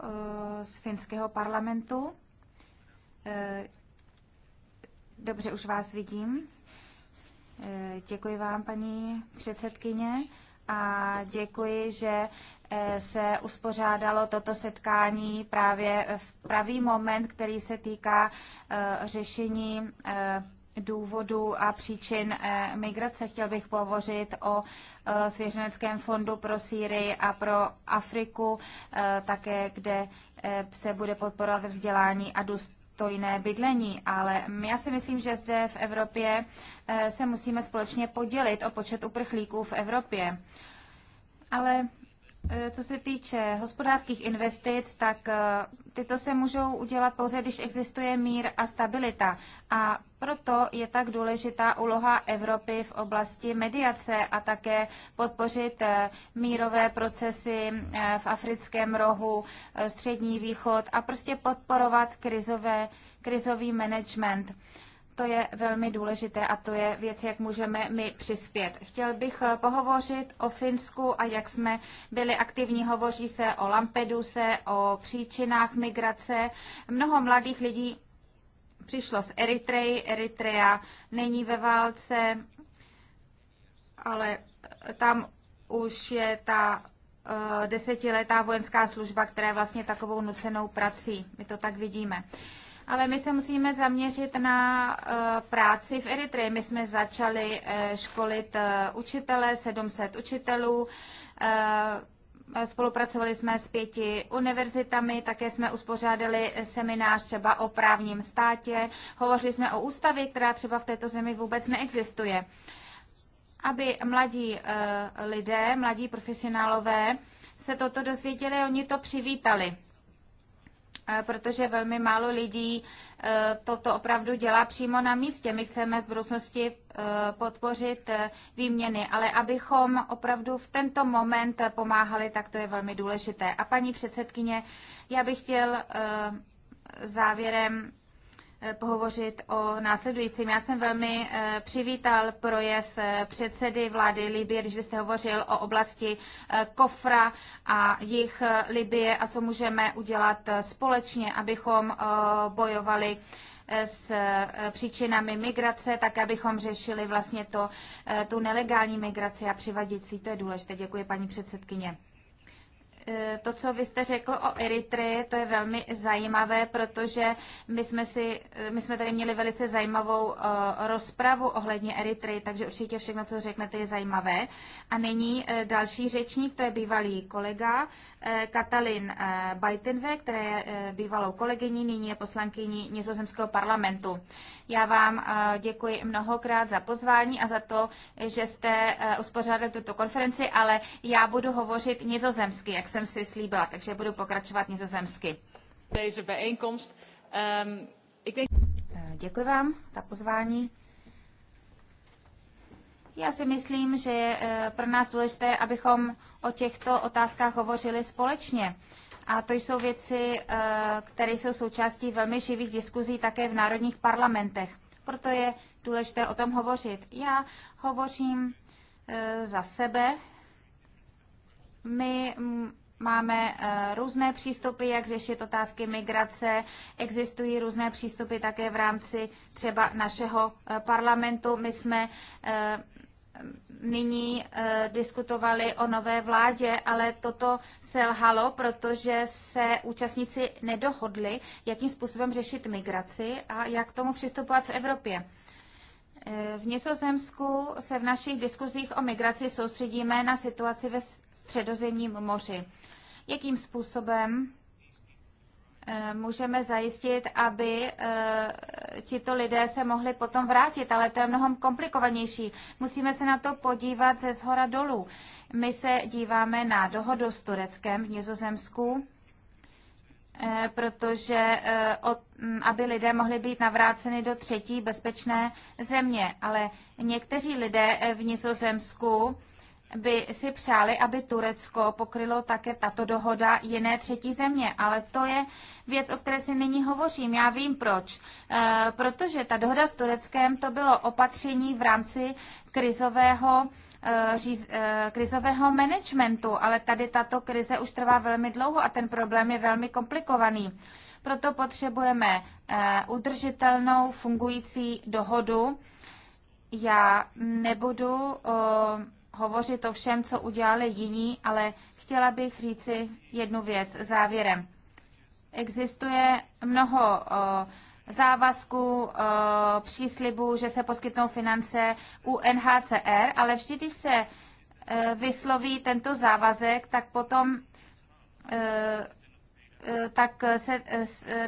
z finského parlamentu. Dobře, už vás vidím. Děkuji vám, paní předsedkyně a děkuji, že eh, se uspořádalo toto setkání právě v pravý moment, který se týká eh, řešení eh, důvodů a příčin migrace. Chtěl bych pohovořit o svěřeneckém fondu pro Sýrii a pro Afriku, také kde se bude podporovat vzdělání a to jiné bydlení, ale já si myslím, že zde v Evropě eh, se musíme společně podělit o počet uprchlíků v Evropě. Ale Eh, co se týče hospodářských investic, tak eh, tyto se můžou udělat pouze, když existuje mír a stabilita. A proto je tak důležitá úloha Evropy v oblasti mediace a také podpořit eh, mírové procesy v africkém rohu, střední východ a prostě podporovat krizové, krizový management to je velmi důležité a to je věc, jak můžeme my přispět. Chtěl bych eh, pohovořit o Finsku a jak jsme byli aktivní. Hovoří se o Lampeduse, o příčinách migrace. Mnoho mladých lidí přišlo z Eritreji. Eritrea není ve válce, ale tam už je ta eh, desetiletá vojenská služba, která je vlastně takovou nucenou prací. My to tak vidíme. Uh, ale my se musíme zaměřit na eh, práci v Eritreji. My jsme začali eh, školit eh, učitele, 700 učitelů. Spolupracovali jsme s pěti univerzitami, také jsme uspořádali seminář třeba o právním státě. Hovořili jsme o ústavě, která třeba v této zemi vůbec neexistuje. Aby mladí lidé, mladí profesionálové se toto dozvěděli, oni to přivítali. Eh, protože velmi málo lidí eh, toto opravdu dělá přímo na místě. My chceme v budoucnosti eh, podpořit výměny, ale abychom opravdu v tento moment pomáhali, tak to je velmi důležité. A paní předsedkyně, já bych chtěl závěrem Eh, pohovořit o následujícím. Já jsem velmi eh, přivítal projev eh, předsedy vlády Libie, když byste hovořil o oblasti Kofra a jich Libie a co můžeme udělat společně, abychom bojovali s příčinami migrace, tak abychom řešili vlastně to, tu nelegální migraci a přivadící. To je důležité. Děkuji, paní předsedkyně. Eh, to, co vy jste řekl o Eritreji, to je velmi zajímavé, protože my jsme, si, eh, my jsme tady měli velice zajímavou eh, rozpravu ohledně Eritreji, takže určitě všechno, co řeknete, je zajímavé. A nyní další řečník, to je bývalý kolega Katalin Bajtenve, která je bývalou kolegyní, nyní je poslankyní Nizozemského parlamentu. Já vám děkuji mnohokrát za pozvání a za to, že jste uspořádali tuto konferenci, ale já budu hovořit nizozemsky, jak jsem si slíbila, takže budu pokračovat nizozemsky. Ehm, eh, děkuji vám za pozvání. Já si myslím, že je eh, pro nás důležité, abychom o těchto otázkách hovořili společně. A to jsou věci, eh, které jsou součástí velmi živých diskuzí také v národních parlamentech. Proto je důležité o tom hovořit. Já hovořím za sebe. My mm, máme eh, různé přístupy, jak řešit otázky migrace. Existují různé přístupy také v rámci třeba našeho eh, parlamentu. My jsme eh, nyní diskutovali o nové vládě, ale toto selhalo, protože se účastníci nedohodli, jakým způsobem řešit migraci a jak k tomu přistupovat v Evropě. Eh, v Nizozemsku se v našich diskuzích o migraci soustředíme na situaci ve středozemním moři. Jakým způsobem eh, můžeme zajistit, aby eh, tito lidé se mohli potom vrátit, ale to je mnohem komplikovanější. Musíme se na to podívat ze zhora dolů. My se díváme na dohodu s Tureckem v Nizozemsku, Eh, protože eh, mm, aby lidé mohli být navráceni do třetí bezpečné země. Ale někteří lidé eh, v Nizozemsku by si přáli, aby Turecko pokrylo také tato dohoda jiné třetí země. Ale to je věc, o které si nyní hovořím. Já vím proč. protože ta dohoda s Tureckem to bylo opatření v rámci krizového Eh, eh, krizového managementu, ale tady tato krize už trvá velmi dlouho a ten problém je velmi komplikovaný. Proto potřebujeme eh, udržitelnou fungující dohodu. Já nebudu hovořit o všem, co udělali jiní, ale chtěla bych říci jednu věc závěrem. Existuje mnoho uh, závazku, eh, příslibu, že se poskytnou finance u NHCR, ale vždy, když se eh, vysloví tento závazek, tak potom eh, tak se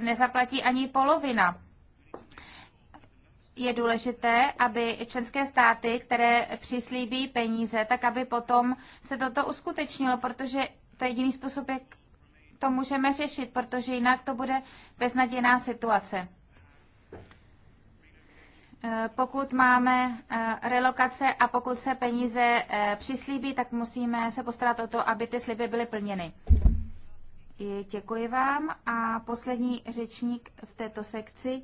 nezaplatí ani polovina. Je důležité, aby členské státy, které přislíbí peníze, tak aby potom se toto uskutečnilo, protože to je jediný způsob, jak to můžeme řešit, protože jinak to bude beznaděná situace. Eh, pokud máme eh, relokace a pokud se peníze eh, přislíbí, tak musíme se postarat o to, aby ty sliby byly plněny. Děkuji vám. A poslední řečník v této sekci,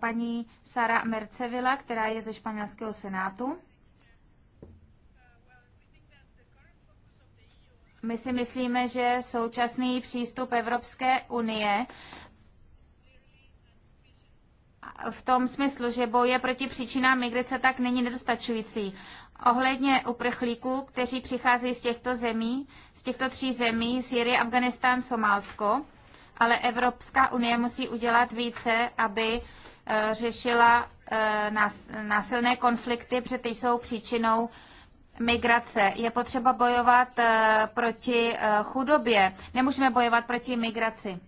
paní Sara Mercevila, která je ze španělského senátu. My si myslíme, že současný přístup Evropské unie v tom smyslu, že boje proti příčinám migrace tak není nedostačující. Ohledně uprchlíků, kteří přicházejí z těchto zemí, z těchto tří zemí, Syrie, Afganistán, Somálsko, ale Evropská unie musí udělat více, aby eh, řešila eh, násilné konflikty, protože ty jsou příčinou migrace. Je potřeba bojovat eh, proti chudobě. Nemůžeme bojovat proti migraci.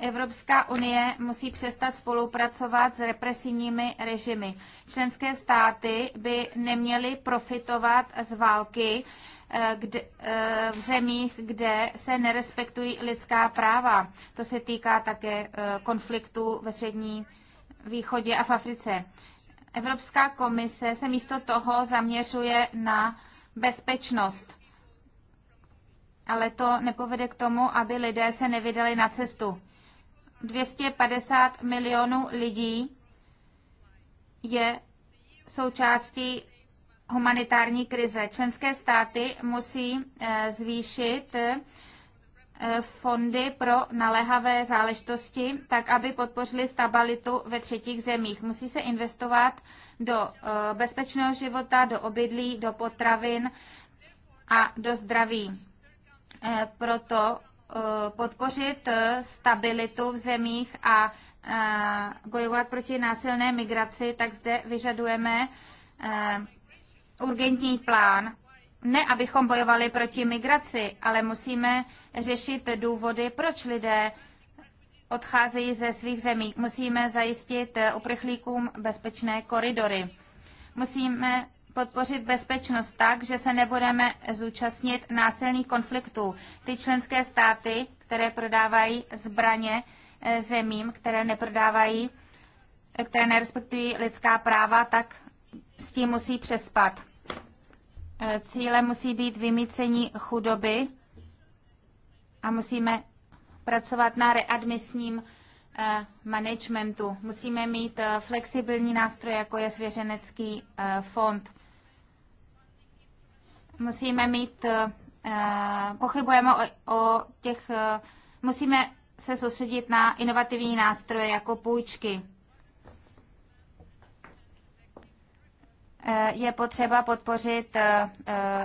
Evropská unie musí přestat spolupracovat s represivními režimy. Členské státy by neměly profitovat z války eh, kde, eh, v zemích, kde se nerespektují lidská práva. To se týká také eh, konfliktu ve střední východě a v Africe. Evropská komise se místo toho zaměřuje na bezpečnost. Ale to nepovede k tomu, aby lidé se nevydali na cestu. 250 milionů lidí je součástí humanitární krize. Členské státy musí eh, zvýšit eh, fondy pro naléhavé záležitosti, tak aby podpořili stabilitu ve třetích zemích. Musí se investovat do eh, bezpečného života, do obydlí, do potravin a do zdraví. Proto Eh, podpořit eh, stabilitu v zemích a eh, bojovat proti násilné migraci, tak zde vyžadujeme urgentní plán. Ne, abychom bojovali proti migraci, ale musíme řešit důvody, proč lidé odcházejí ze svých zemí. Musíme zajistit uprchlíkům bezpečné koridory. Musíme podpořit bezpečnost tak, že se nebudeme zúčastnit násilných konfliktů. Ty členské státy, které prodávají zbraně eh, zemím, které neprodávají, eh, které nerespektují lidská práva, tak s tím musí přespat. Eh, Cíle musí být vymícení chudoby a musíme pracovat na readmisním managementu. Musíme mít flexibilní nástroje, jako je svěřenecký fond musíme mít, eh, pochybujeme o, o těch, eh, musíme se soustředit na inovativní nástroje jako půjčky. Eh, je potřeba podpořit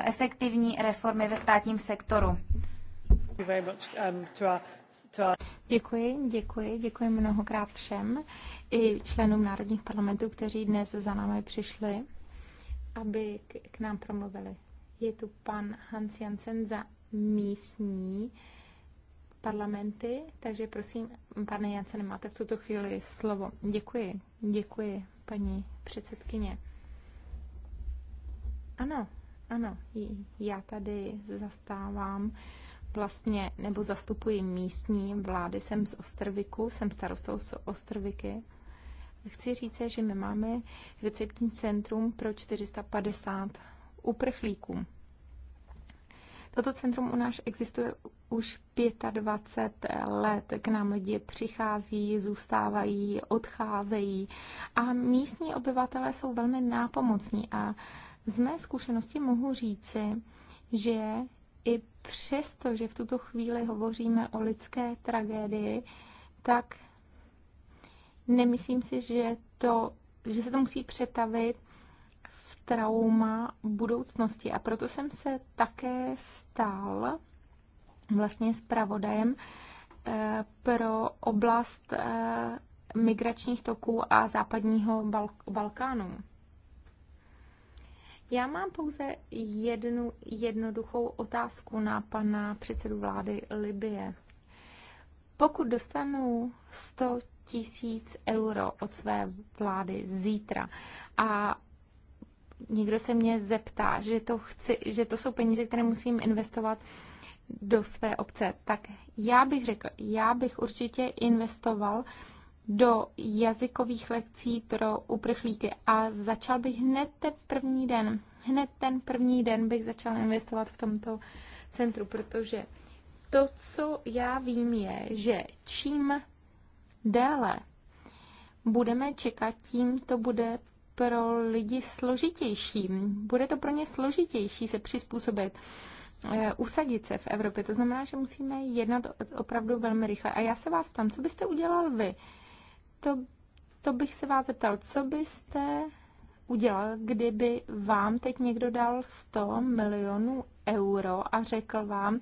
efektivní reformy ve státním sektoru. Um, děkuji, děkuji, děkuji mnohokrát všem i členům národních parlamentů, kteří dnes za námi přišli, aby k nám promluvili. Je tu pan Hans Jansen za místní parlamenty, takže prosím, pane Jansen, máte v tuto chvíli slovo. Děkuji, děkuji, paní předsedkyně. Ano, ano, já tady zastávám vlastně, nebo zastupuji místní vlády, jsem z Ostrviku, jsem starostou z Ostrviky. Chci říct, že my máme receptní centrum pro 450 uprchlíkům. Toto centrum u nás existuje už 25 let. K nám lidi přichází, zůstávají, odcházejí a místní obyvatelé jsou velmi nápomocní. A z mé zkušenosti mohu říci, že i přesto, že v tuto chvíli hovoříme o lidské tragédii, tak nemyslím si, že, to, že se to musí přetavit trauma budoucnosti. A proto jsem se také stal vlastně zpravodajem eh, pro oblast eh, migračních toků a západního Balkánu. Já mám pouze jednu jednoduchou otázku na pana předsedu vlády Libie. Pokud dostanu 100 tisíc euro od své vlády zítra a někdo se mě zeptá, že to, chci, že to jsou peníze, které musím investovat do své obce, tak já bych řekl, já bych určitě investoval do jazykových lekcí pro uprchlíky a začal bych hned ten první den. Hned ten první den bych začal investovat v tomto centru, protože to, co já vím, je, že čím déle budeme čekat, tím to bude pro lidi složitější. Bude to pro ně složitější se přizpůsobit eh, usadit se v Evropě. To znamená, že musíme jednat opravdu velmi rychle. A já se vás tam, co byste udělal vy? To, to bych se vás zeptal, co byste udělal, kdyby vám teď někdo dal 100 milionů euro a řekl vám,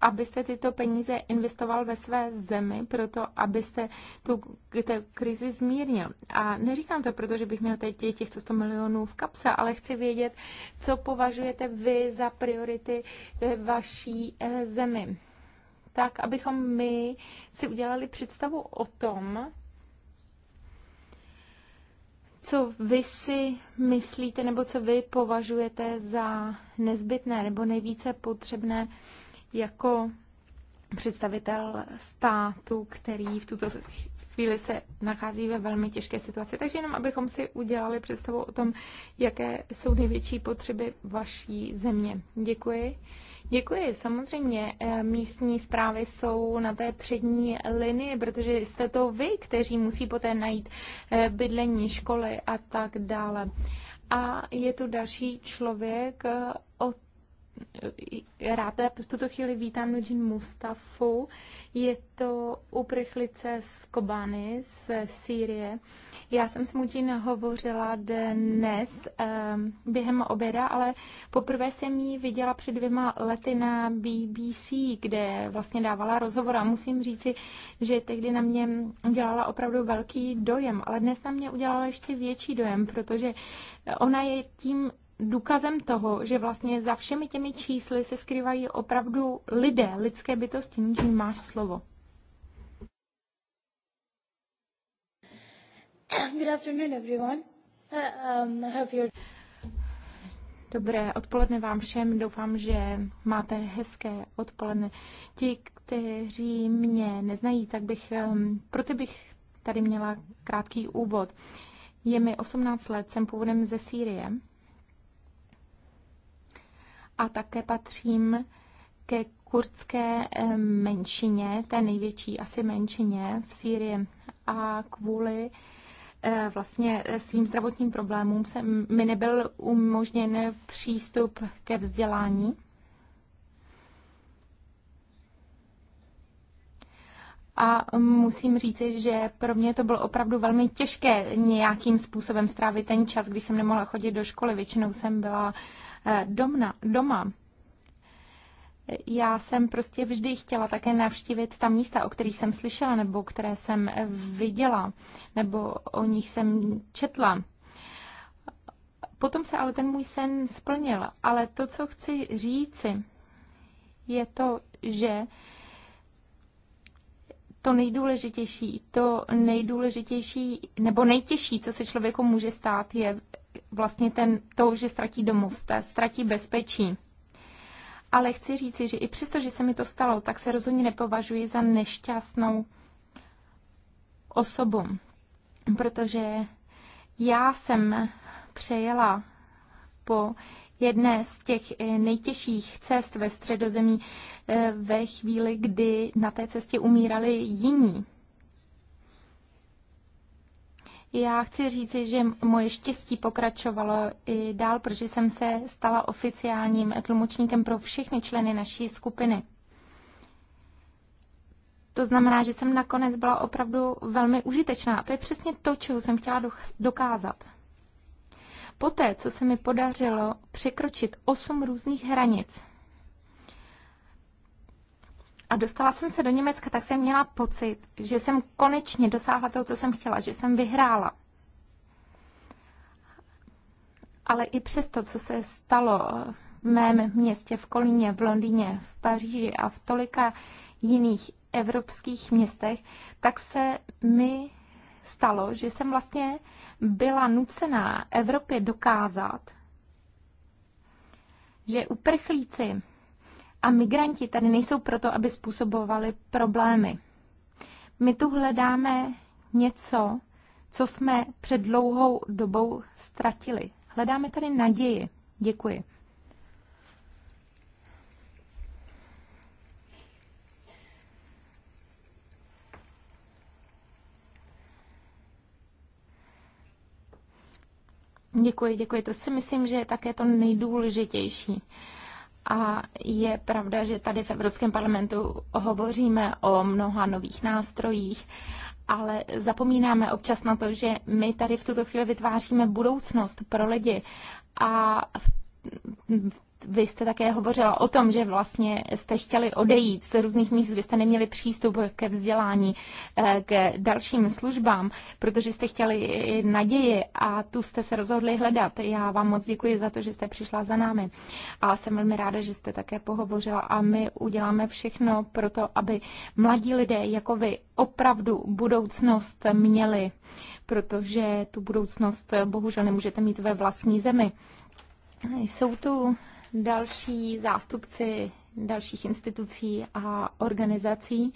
abyste tyto peníze investoval ve své zemi, proto abyste tu, tu krizi zmírnil. A neříkám to, protože bych měl teď těch 100 milionů v kapse, ale chci vědět, co považujete vy za priority ve vaší eh, zemi. Tak, abychom my si udělali představu o tom, co vy si myslíte nebo co vy považujete za nezbytné nebo nejvíce potřebné jako představitel státu, který v tuto chvíli se nachází ve velmi těžké situaci. Takže jenom abychom si udělali představu o tom, jaké jsou největší potřeby vaší země. Děkuji. Děkuji. Samozřejmě eh, místní zprávy jsou na té přední linii, protože jste to vy, kteří musí poté najít eh, bydlení, školy a tak dále. A je tu další člověk eh, od ráda v tuto chvíli vítám Nujin Mustafu. Je to uprchlice z Kobany, z Sýrie. Já jsem s Nujin hovořila dnes um, během oběda, ale poprvé jsem ji viděla před dvěma lety na BBC, kde vlastně dávala rozhovor a musím říci, že tehdy na mě udělala opravdu velký dojem, ale dnes na mě udělala ještě větší dojem, protože ona je tím důkazem toho, že vlastně za všemi těmi čísly se skrývají opravdu lidé, lidské bytosti, níž máš slovo. Good afternoon, everyone. Uh, um, I hope Dobré odpoledne vám všem. Doufám, že máte hezké odpoledne. Ti, kteří mě neznají, tak bych, um, proto bych tady měla krátký úvod. Je mi 18 let, jsem původem ze Sýrie a také patřím ke kurdské eh, menšině, té největší asi menšině v Sýrii. A kvůli eh, vlastně eh, svým zdravotním problémům se mi nebyl umožněn přístup ke vzdělání. A musím říci, že pro mě to bylo opravdu velmi těžké nějakým způsobem strávit ten čas, když jsem nemohla chodit do školy. Většinou jsem byla Eh, domna, doma. Já jsem prostě vždy chtěla také navštívit ta místa, o kterých jsem slyšela, nebo které jsem viděla, nebo o nich jsem četla. Potom se ale ten můj sen splnil. Ale to, co chci říci, je to, že to nejdůležitější, to nejdůležitější nebo nejtěžší, co se člověku může stát, je vlastně ten, to, že ztratí domov, ztratí bezpečí. Ale chci říci, že i přesto, že se mi to stalo, tak se rozhodně nepovažuji za nešťastnou osobu, protože já jsem přejela po jedné z těch eh, nejtěžších cest ve středozemí eh, ve chvíli, kdy na té cestě umírali jiní. Já chci říci, že moje štěstí pokračovalo i dál, protože jsem se stala oficiálním tlumočníkem pro všechny členy naší skupiny. To znamená, že jsem nakonec byla opravdu velmi užitečná. A to je přesně to, čeho jsem chtěla dokázat. Poté, co se mi podařilo překročit osm různých hranic, a dostala jsem se do Německa, tak jsem měla pocit, že jsem konečně dosáhla toho, co jsem chtěla, že jsem vyhrála. Ale i přes to, co se stalo v mém městě, v Kolíně, v Londýně, v Paříži a v tolika jiných evropských městech, tak se mi stalo, že jsem vlastně byla nucená Evropě dokázat, že uprchlíci a migranti tady nejsou proto, aby způsobovali problémy. My tu hledáme něco, co jsme před dlouhou dobou ztratili. Hledáme tady naději. Děkuji. Děkuji, děkuji. To si myslím, že je také to nejdůležitější. A je pravda, že tady v Evropském parlamentu hovoříme o mnoha nových nástrojích, ale zapomínáme občas na to, že my tady v tuto chvíli vytváříme budoucnost pro lidi. A v vy jste také hovořila o tom, že vlastně jste chtěli odejít z různých míst, kde jste neměli přístup ke vzdělání, eh, k dalším službám, protože jste chtěli naději a tu jste se rozhodli hledat. Já vám moc děkuji za to, že jste přišla za námi. A jsem velmi ráda, že jste také pohovořila a my uděláme všechno pro to, aby mladí lidé jako vy opravdu budoucnost měli, protože tu budoucnost bohužel nemůžete mít ve vlastní zemi. Jsou tu další zástupci dalších institucí a organizací.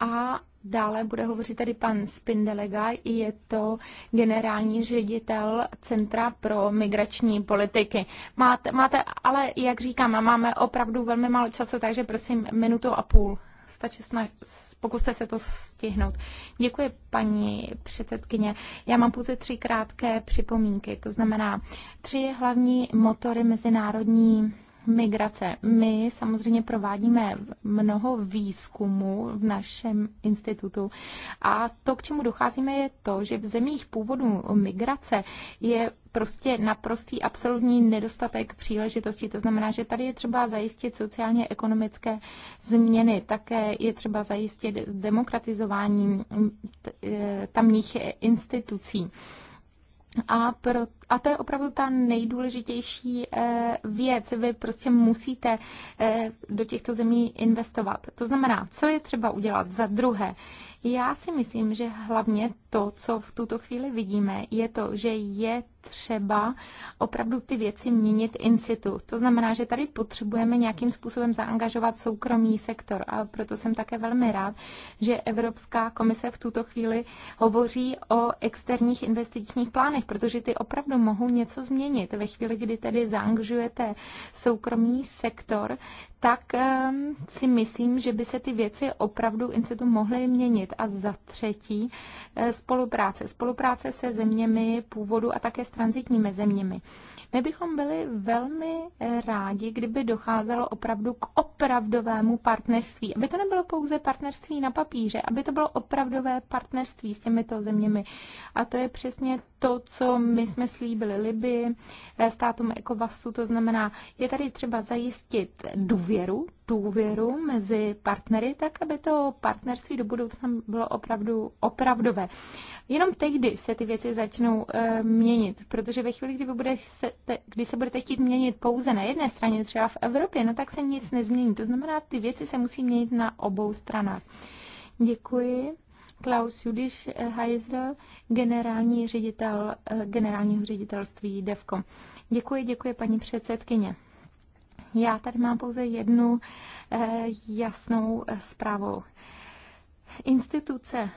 A dále bude hovořit tady pan Spindelega, je to generální ředitel Centra pro migrační politiky. Máte, máte, ale jak říkám, máme opravdu velmi málo času, takže prosím minutu a půl. Stačí snad pokuste se to stihnout. Děkuji, paní předsedkyně. Já mám pouze tři krátké připomínky, to znamená tři hlavní motory mezinárodní migrace. My samozřejmě provádíme mnoho výzkumu v našem institutu a to, k čemu docházíme, je to, že v zemích původu migrace je prostě naprostý absolutní nedostatek příležitostí. To znamená, že tady je třeba zajistit sociálně ekonomické změny, také je třeba zajistit demokratizování eh, tamních institucí. A, pro, a to je opravdu ta nejdůležitější eh, věc. Vy prostě musíte eh, do těchto zemí investovat. To znamená, co je třeba udělat za druhé. Já si myslím, že hlavně to, co v tuto chvíli vidíme, je to, že je třeba opravdu ty věci měnit in situ. To znamená, že tady potřebujeme nějakým způsobem zaangažovat soukromý sektor a proto jsem také velmi rád, že Evropská komise v tuto chvíli hovoří o externích investičních plánech, protože ty opravdu mohou něco změnit. Ve chvíli, kdy tedy zaangažujete soukromý sektor, tak ehm, si myslím, že by se ty věci opravdu in situ mohly měnit. A za třetí, eh, spolupráce. Spolupráce se zeměmi původu a také s transitními zeměmi. My bychom byli velmi eh, rádi, kdyby docházelo opravdu k opravdovému partnerství. Aby to nebylo pouze partnerství na papíře, aby to bylo opravdové partnerství s těmito zeměmi. A to je přesně to, co my jsme slíbili Liby, eh, státům Ekovasu, to znamená, je tady třeba zajistit důvěru důvěru mezi partnery, tak aby to partnerství do budoucna bylo opravdu opravdové. Jenom tehdy se ty věci začnou e, měnit, protože ve chvíli, kdy, bude se, te, kdy se budete chtít měnit pouze na jedné straně, třeba v Evropě, no tak se nic nezmění. To znamená, ty věci se musí měnit na obou stranách. Děkuji. Klaus Judisch eh, Heisel, generální ředitel eh, generálního ředitelství DEVKO. Děkuji, děkuji paní předsedkyně. Já tady mám pouze jednu eh, jasnou eh, zprávu. Instituce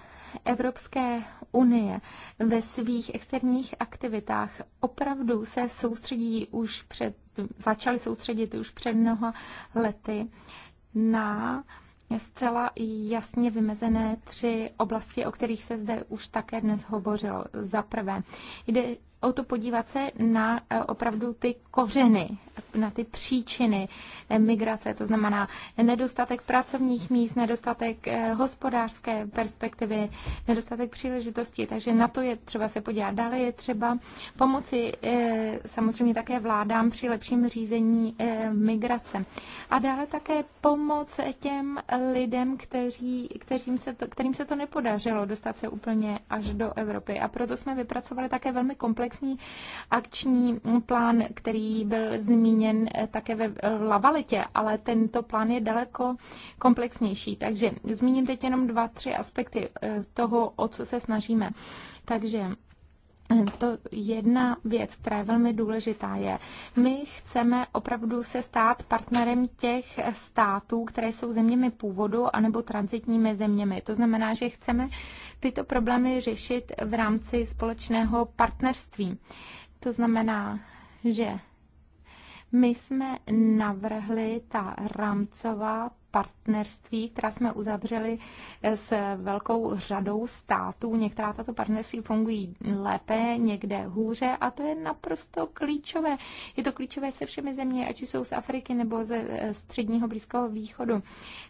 Evropské unie ve svých externích aktivitách opravdu se soustředí už před, začaly soustředit už před mnoha lety na zcela jasně vymezené tři oblasti, o kterých se zde už také dnes hovořilo. Za prvé, jde o to podívat se na e, opravdu ty kořeny, na ty příčiny e, migrace, to znamená nedostatek pracovních míst, nedostatek e, hospodářské perspektivy, nedostatek příležitostí, takže na to je třeba se podívat. Dále je třeba pomoci samozřejmě také vládám při lepším řízení migrace. A dále také pomoc těm lidem, kteří, kterým, se to, kterým se to nepodařilo dostat se úplně až do Evropy. A proto jsme vypracovali také velmi komplexní komplexní akční plán, který byl zmíněn eh, také ve Lavaletě, ale tento plán je daleko komplexnější. Takže zmíním teď jenom dva, tři aspekty eh, toho, o co se snažíme. Takže Hm, to jedna věc, která je velmi důležitá, je, my chceme opravdu se stát partnerem těch států, které jsou zeměmi původu anebo transitními zeměmi. To znamená, že chceme tyto problémy řešit v rámci společného partnerství. To znamená, že my jsme navrhli ta rámcová partnerství, která jsme uzavřeli eh, s velkou řadou států. Některá tato partnerství fungují lépe, někde hůře a to je naprosto klíčové. Je to klíčové se všemi země, ať už jsou z Afriky nebo ze eh, středního Blízkého východu.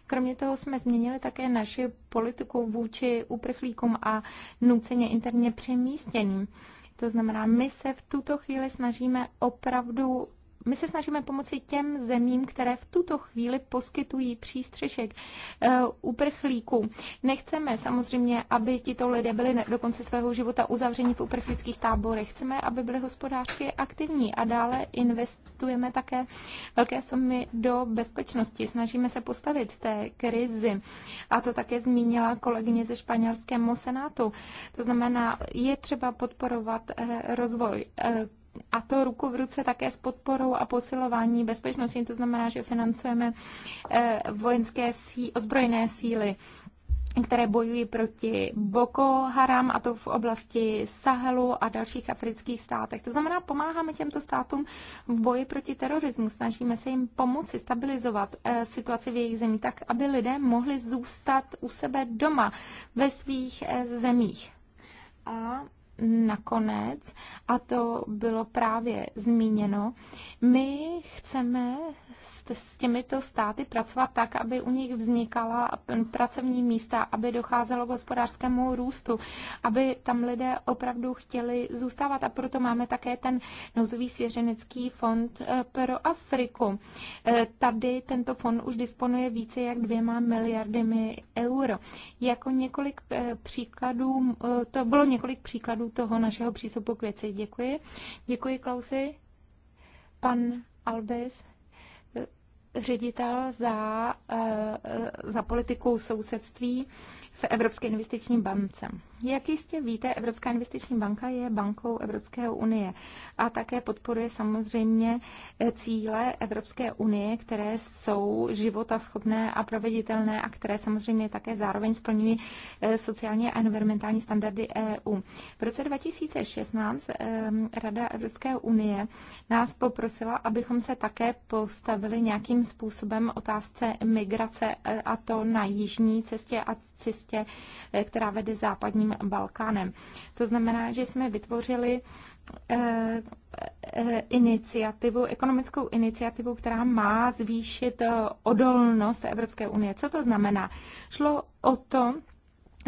Kromě toho jsme změnili také naši politiku vůči uprchlíkům a nuceně interně přemístěným. To znamená, my se v tuto chvíli snažíme opravdu my se snažíme pomoci těm zemím, které v tuto chvíli poskytují přístřešek eh, uprchlíků. Nechceme samozřejmě, aby tito lidé byli do konce svého života uzavřeni v uprchlických táborech. Chceme, aby byly hospodářsky aktivní a dále investujeme také velké sumy do bezpečnosti. Snažíme se postavit té krizi. A to také zmínila kolegyně ze španělského senátu. To znamená, je třeba podporovat eh, rozvoj eh, a to ruku v ruce také s podporou a posilování bezpečnosti. To znamená, že financujeme eh, vojenské sí, ozbrojené síly které bojují proti Boko Haram, a to v oblasti Sahelu a dalších afrických státech. To znamená, pomáháme těmto státům v boji proti terorismu, snažíme se jim pomoci stabilizovat eh, situaci v jejich zemí tak, aby lidé mohli zůstat u sebe doma, ve svých eh, zemích. A nakonec, a to bylo právě zmíněno, my chceme s těmito státy pracovat tak, aby u nich vznikala pracovní místa, aby docházelo k hospodářskému růstu, aby tam lidé opravdu chtěli zůstávat. A proto máme také ten nouzový svěřenecký fond eh, pro Afriku. Eh, tady tento fond už disponuje více jak dvěma miliardami euro. Jako několik eh, příkladů, to bylo několik příkladů příkladů toho našeho přístupu k věci. Děkuji. Děkuji, Klausy. Pan Albes ředitel za, eh, za politiku sousedství v Evropské investiční bance. Jak jistě víte, Evropská investiční banka je bankou Evropské unie a také podporuje samozřejmě eh, cíle Evropské unie, které jsou životaschopné a proveditelné a které samozřejmě také zároveň splňují eh, sociálně a environmentální standardy EU. V roce 2016 Rada Evropské unie nás poprosila, abychom se také postavili nějakým způsobem otázce migrace e, a to na jižní cestě a cestě, e, která vede západním Balkánem. To znamená, že jsme vytvořili e, iniciativu, ekonomickou iniciativu, která má zvýšit odolnost Evropské unie. Co to znamená? Šlo o to,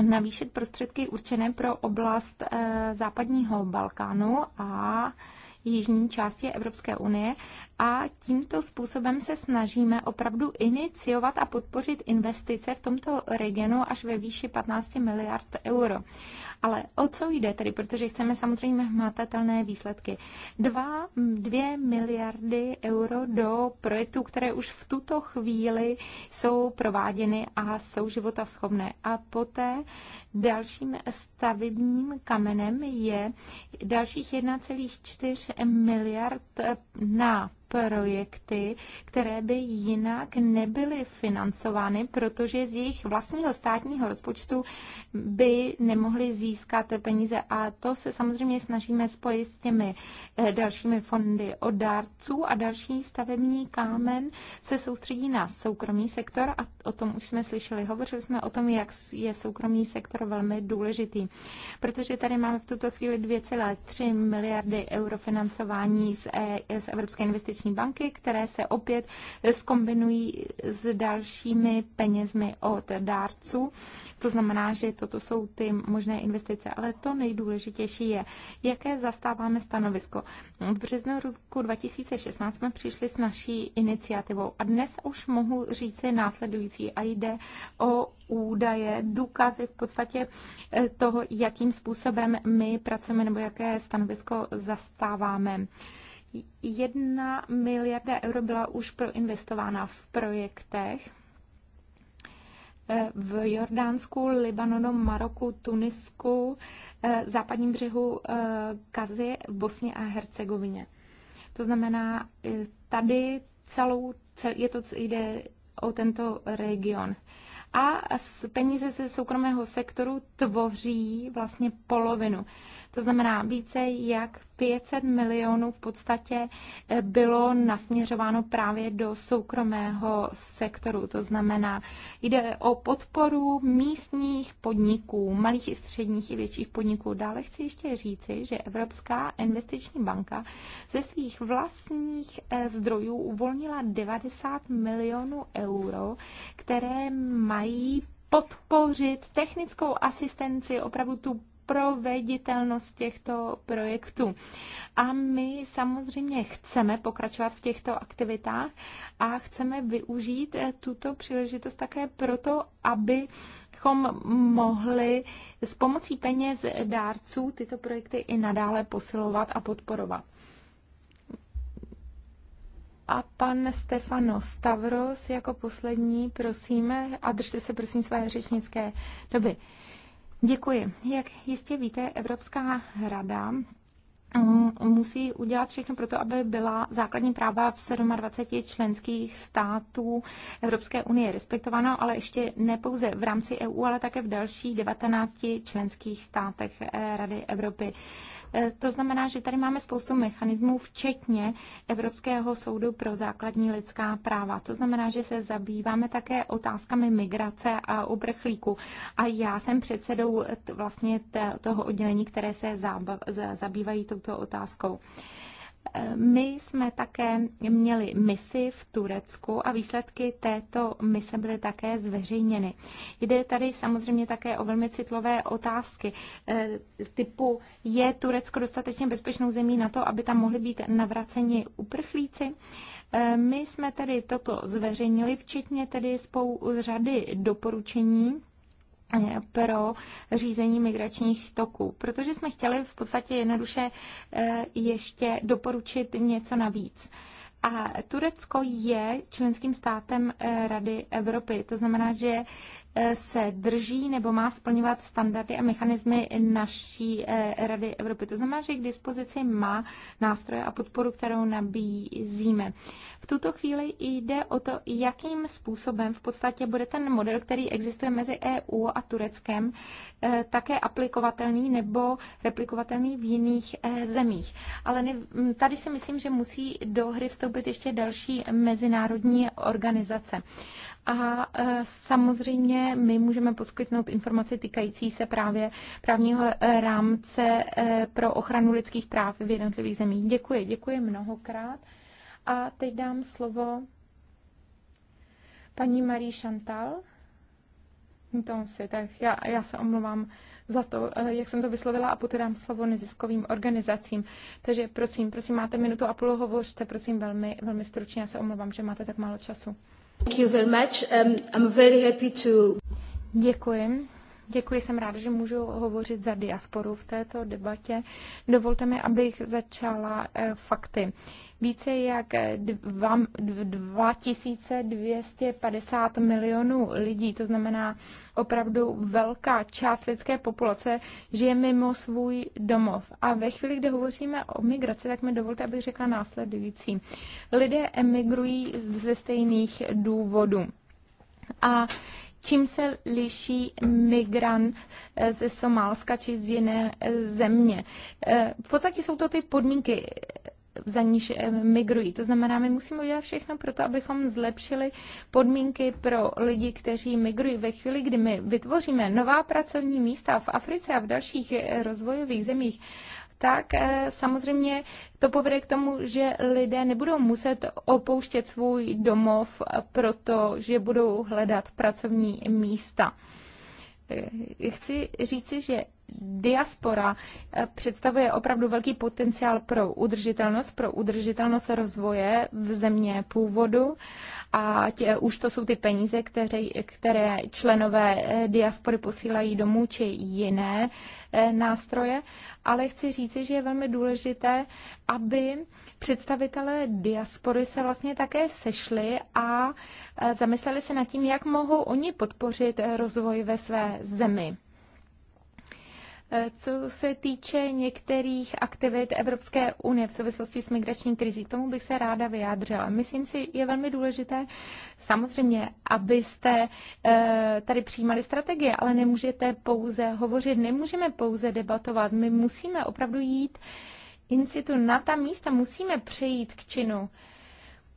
navýšit prostředky určené pro oblast západního Balkánu a jižní části Evropské unie a tímto způsobem se snažíme opravdu iniciovat a podpořit investice v tomto regionu až ve výši 15 miliard euro. Ale o co jde tedy? Protože chceme samozřejmě hmatatelné výsledky. 2, dvě miliardy euro do projektů, které už v tuto chvíli jsou prováděny a jsou životaschopné. A poté dalším stavebním kamenem je dalších 1,4 miliard na projekty, které by jinak nebyly financovány, protože z jejich vlastního státního rozpočtu by nemohly získat peníze. A to se samozřejmě snažíme spojit s těmi eh, dalšími fondy od dárců a další stavební kámen se soustředí na soukromý sektor a o tom už jsme slyšeli. Hovořili jsme o tom, jak je soukromý sektor velmi důležitý, protože tady máme v tuto chvíli 2,3 miliardy euro financování z, e- z Evropské investiční investiční banky, které se opět skombinují s dalšími penězmi od dárců. To znamená, že toto jsou ty možné investice, ale to nejdůležitější je, jaké zastáváme stanovisko. V březnu roku 2016 jsme přišli s naší iniciativou a dnes už mohu říci následující a jde o údaje, důkazy v podstatě eh, toho, jakým způsobem my pracujeme nebo jaké stanovisko zastáváme. Jedna miliarda euro byla už proinvestována v projektech eh, v Jordánsku, Libanonu, Maroku, Tunisku, eh, západním břehu Kazy, eh, v Bosně a Hercegovině. To znamená, tady celou, cel, je to, jde o tento region. A peníze ze soukromého sektoru tvoří vlastně polovinu. To znamená, více jak 500 milionů v podstatě eh, bylo nasměřováno právě do soukromého sektoru. To znamená, jde o podporu místních podniků, malých i středních i větších podniků. Dále chci ještě říci, že Evropská investiční banka ze svých vlastních eh, zdrojů uvolnila 90 milionů euro, které mají podpořit technickou asistenci, opravdu tu proveditelnost těchto projektů. A my samozřejmě chceme pokračovat v těchto aktivitách a chceme využít eh, tuto příležitost také proto, aby mohli s pomocí peněz dárců tyto projekty i nadále posilovat a podporovat. A pan Stefano Stavros jako poslední, prosím, eh, a držte se prosím své řečnické doby. Děkuji. Jak jistě víte, Evropská rada mm, musí udělat všechno pro to, aby byla základní práva v 27 členských států Evropské unie respektováno, ale ještě ne pouze v rámci EU, ale také v dalších 19 členských státech eh, Rady Evropy. E, to znamená, že tady máme spoustu mechanismů, včetně Evropského soudu pro základní lidská práva. To znamená, že se zabýváme také otázkami migrace a uprchlíků. A já jsem předsedou vlastně toho oddělení, které se zabývají touto otázkou. My jsme také měli misi v Turecku a výsledky této mise byly také zveřejněny. Jde tady samozřejmě také o velmi citlové otázky eh, typu je Turecko dostatečně bezpečnou zemí na to, aby tam mohli být navraceni uprchlíci? Eh, my jsme tedy toto zveřejnili, včetně tedy spou řady doporučení, pro řízení migračních toků, protože jsme chtěli v podstatě jednoduše eh, ještě doporučit něco navíc. A Turecko je členským státem eh, Rady Evropy. To znamená, že se drží nebo má splňovat standardy a mechanismy naší eh, Rady Evropy. To znamená, že k dispozici má nástroje a podporu, kterou nabízíme. V tuto chvíli jde o to, jakým způsobem v podstatě bude ten model, který existuje mezi EU a Tureckem, eh, také aplikovatelný nebo replikovatelný v jiných eh, zemích. Ale mm, tady si myslím, že musí do hry vstoupit ještě další mezinárodní organizace a e, samozřejmě my můžeme poskytnout informace týkající se právě právního e, rámce e, pro ochranu lidských práv v jednotlivých zemích. Děkuji, děkuji mnohokrát. A teď dám slovo paní Marie Chantal. To si, tak já, já se omlouvám za to, jak jsem to vyslovila a poté dám slovo neziskovým organizacím. Takže prosím, prosím, máte minutu a půl, hovořte, prosím, velmi, velmi stručně, já se omlouvám, že máte tak málo času. Thank you very much. Um, I'm very happy to... Děkuji. Děkuji, jsem ráda, že můžu hovořit za diasporu v této debatě. Dovolte mi, abych začala eh, fakty více jak 2, 2250 milionů lidí, to znamená opravdu velká část lidské populace, žije mimo svůj domov. A ve chvíli, kdy hovoříme o migraci, tak mi dovolte, abych řekla následující. Lidé emigrují ze stejných důvodů. A čím se liší migrant eh, ze Somálska či z jiné eh, země. Eh, v podstatě jsou to ty podmínky za níž eh, migrují. To znamená, my musíme udělat všechno pro to, abychom zlepšili podmínky pro lidi, kteří migrují. Ve chvíli, kdy my vytvoříme nová pracovní místa v Africe a v dalších eh, rozvojových zemích, tak eh, samozřejmě to povede k tomu, že lidé nebudou muset opouštět svůj domov, protože budou hledat pracovní místa. Chci říci, že diaspora eh, představuje opravdu velký potenciál pro udržitelnost, pro udržitelnost rozvoje v země původu a tě, už to jsou ty peníze, které, které členové eh, diaspory posílají domů či jiné eh, nástroje, ale chci říci, že je velmi důležité, aby představitelé diaspory se vlastně také sešli a zamysleli se nad tím, jak mohou oni podpořit rozvoj ve své zemi. Eh, co se týče některých aktivit Evropské unie v souvislosti s migrační krizí, k tomu bych se ráda vyjádřila. Myslím si, je velmi důležité samozřejmě, abyste eh, tady přijímali strategie, ale nemůžete pouze hovořit, nemůžeme pouze debatovat. My musíme opravdu jít in situ na ta místa, musíme přejít k činu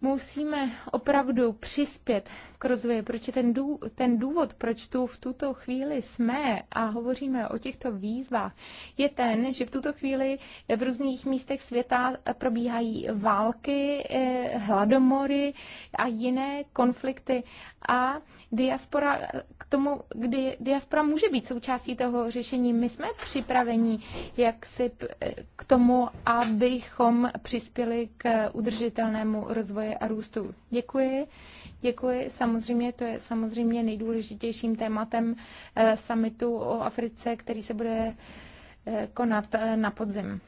musíme opravdu přispět k rozvoji, proč je ten, dů, ten důvod, proč tu v tuto chvíli jsme a hovoříme o těchto výzvách, je ten, že v tuto chvíli v různých místech světa probíhají války, eh, hladomory a jiné konflikty. A diaspora k tomu, kdy diaspora může být součástí toho řešení, my jsme připraveni jak si k tomu, abychom přispěli k udržitelnému rozvoji rozvoje a růstu. Děkuji. Děkuji. Samozřejmě to je samozřejmě nejdůležitějším tématem eh, summitu o Africe, který se bude eh, konat eh, na podzim.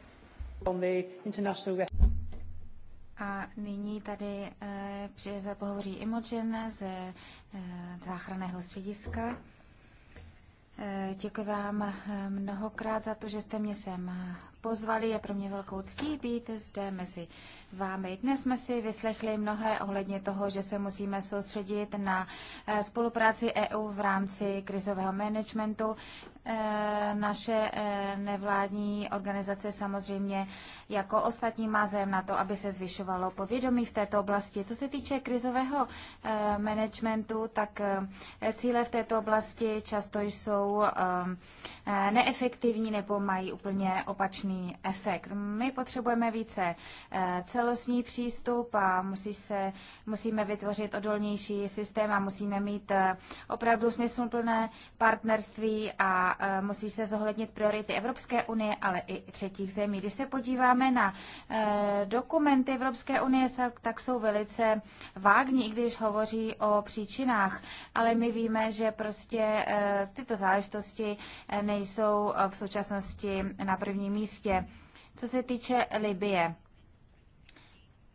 A nyní tady za pohovoří Imogen ze záchranného střediska. Děkuji vám eh, mnohokrát za to, že jste mě sem eh, pozvali. Je pro mě velkou ctí být zde mezi vámi. Dnes jsme si vyslechli mnohé ohledně toho, že se musíme soustředit na eh, spolupráci EU v rámci krizového managementu, Eh, naše eh, nevládní organizace samozřejmě jako ostatní má zájem na to, aby se zvyšovalo povědomí v této oblasti. Co se týče krizového eh, managementu, tak cíle v této oblasti často jsou neefektivní nebo mají úplně opačný efekt. My potřebujeme více celostní přístup a musí se, musíme vytvořit odolnější systém a musíme mít opravdu smysluplné partnerství a Eh, musí se zohlednit priority Evropské unie, ale i třetích zemí. Když se podíváme na eh, dokumenty Evropské unie, tak jsou velice vágní, když hovoří o příčinách, ale my víme, že prostě eh, tyto záležitosti nejsou v současnosti na prvním místě. Co se týče Libie,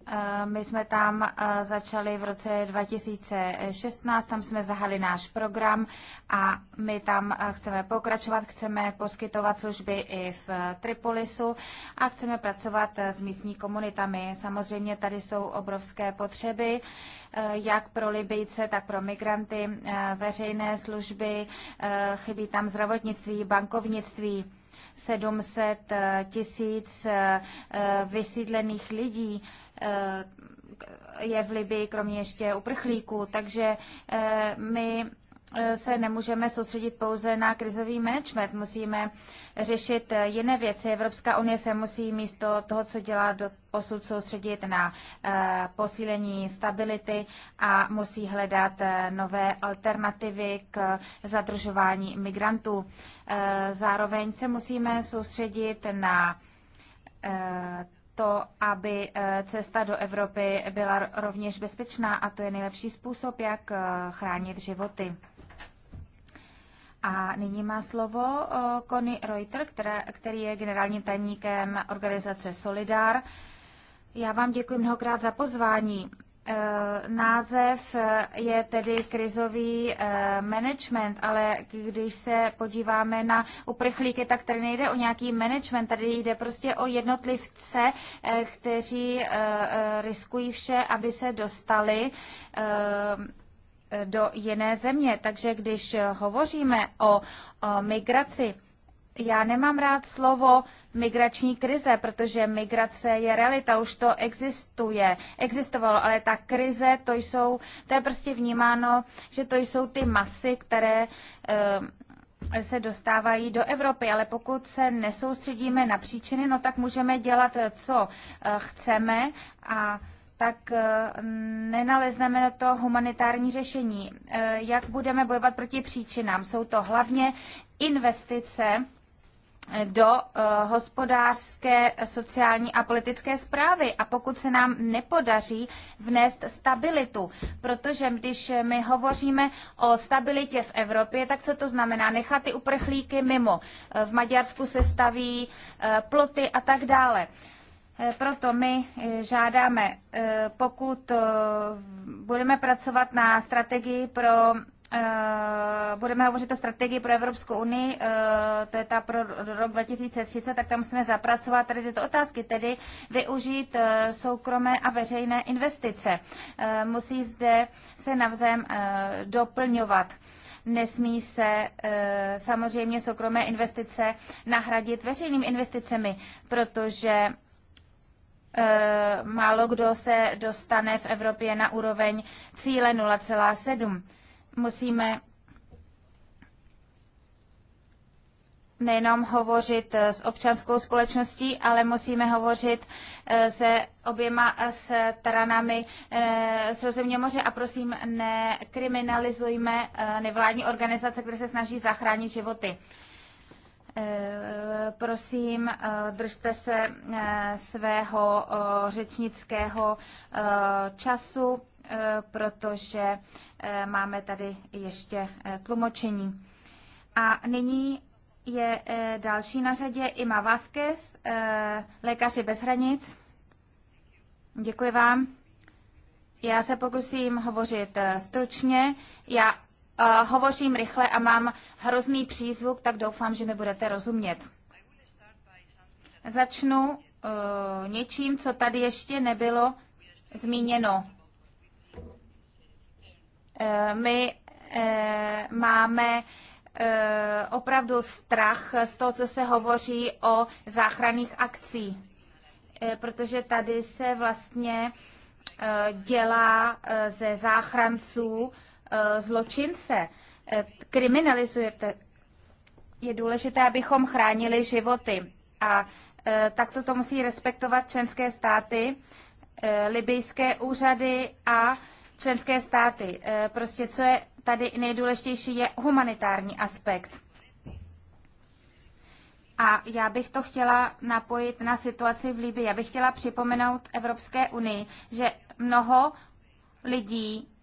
Eh, my jsme tam eh, začali v roce 2016, tam jsme zahali náš program a my tam eh, chceme pokračovat, chceme poskytovat služby i v Tripolisu a chceme pracovat s místní komunitami. Samozřejmě tady jsou obrovské potřeby, jak pro Libyjce, tak pro migranty, veřejné služby, chybí tam zdravotnictví, bankovnictví 700 eh, tisíc eh, eh, vysídlených lidí je v Libii, kromě ještě uprchlíků. Takže my Eh, se nemůžeme soustředit pouze na krizový management, musíme řešit eh, jiné věci. Evropská unie se musí místo toho, co dělá do posud, soustředit na eh, posílení stability a musí hledat nové alternativy k zadržování migrantů. Zároveň se musíme soustředit na to, aby cesta do Evropy byla rovněž bezpečná a to je nejlepší způsob, jak chránit životy. A nyní má slovo eh, Conny Reuter, která, který je generálním tajemníkem organizace Solidar. Já vám děkuji mnohokrát za pozvání. Eh, název eh, je tedy krizový management, ale když se podíváme na uprchlíky, tak tady nejde o nějaký management, tady jde prostě o jednotlivce, kteří riskují vše, aby se dostali do jiné země. Takže když hovoříme o, o migraci, já nemám rád slovo migrační krize, protože migrace je realita, už to existuje, existovalo, ale ta krize, to jsou, to je prostě vnímáno, že to jsou ty masy, které e, se dostávají do Evropy, ale pokud se nesoustředíme na příčiny, no tak můžeme dělat, eh, co eh, chceme a tak eh, nenalezneme to humanitární řešení. Eh, jak budeme bojovat proti příčinám? Jsou to hlavně investice do eh, hospodářské, sociální a politické zprávy. A pokud se nám nepodaří vnést stabilitu, protože když my hovoříme o stabilitě v Evropě, tak co to znamená? Nechat ty uprchlíky mimo. V Maďarsku se staví ploty a tak dále. Eh, proto my eh, žádáme, eh, pokud budeme pracovat na strategii pro budeme hovořit o strategii pro Evropskou unii, to je ta pro rok 2030, tak tam musíme zapracovat tady tyto otázky, tedy využít soukromé a veřejné investice. Musí zde se navzájem doplňovat. Nesmí se samozřejmě soukromé investice nahradit veřejnými investicemi, protože Eh, málo kdo se dostane v Evropě na úroveň cíle 0,7. Musíme nejenom hovořit eh, s občanskou společností, ale musíme hovořit eh, se oběma stranami Sredozemního moře a prosím, nekriminalizujme nevládní organizace, které se snaží zachránit životy. Eh, prosím, eh, držte se eh, svého řečnického času, protože máme tady ještě tlumočení. A nyní je další na řadě Ima Vázquez, Lékaři bez hranic. Děkuji vám. Já se pokusím hovořit stručně. Já uh, hovořím rychle a mám hrozný přízvuk, tak doufám, že mi budete rozumět. Začnu uh, něčím, co tady ještě nebylo zmíněno. Uh, my uh, máme uh, opravdu strach z toho, co se hovoří o záchranných akcích, uh, protože tady se vlastně uh, dělá uh, ze záchranců uh, Eh, zločince, eh, kriminalizujete. Je důležité, abychom chránili životy. A eh, takto to musí respektovat členské státy, libijské úřady a členské státy. Prostě co je tady nejdůležitější, je humanitární aspekt. A já bych to chtěla napojit na situaci v Libii. Já bych chtěla připomenout Evropské unii, že mnoho lidí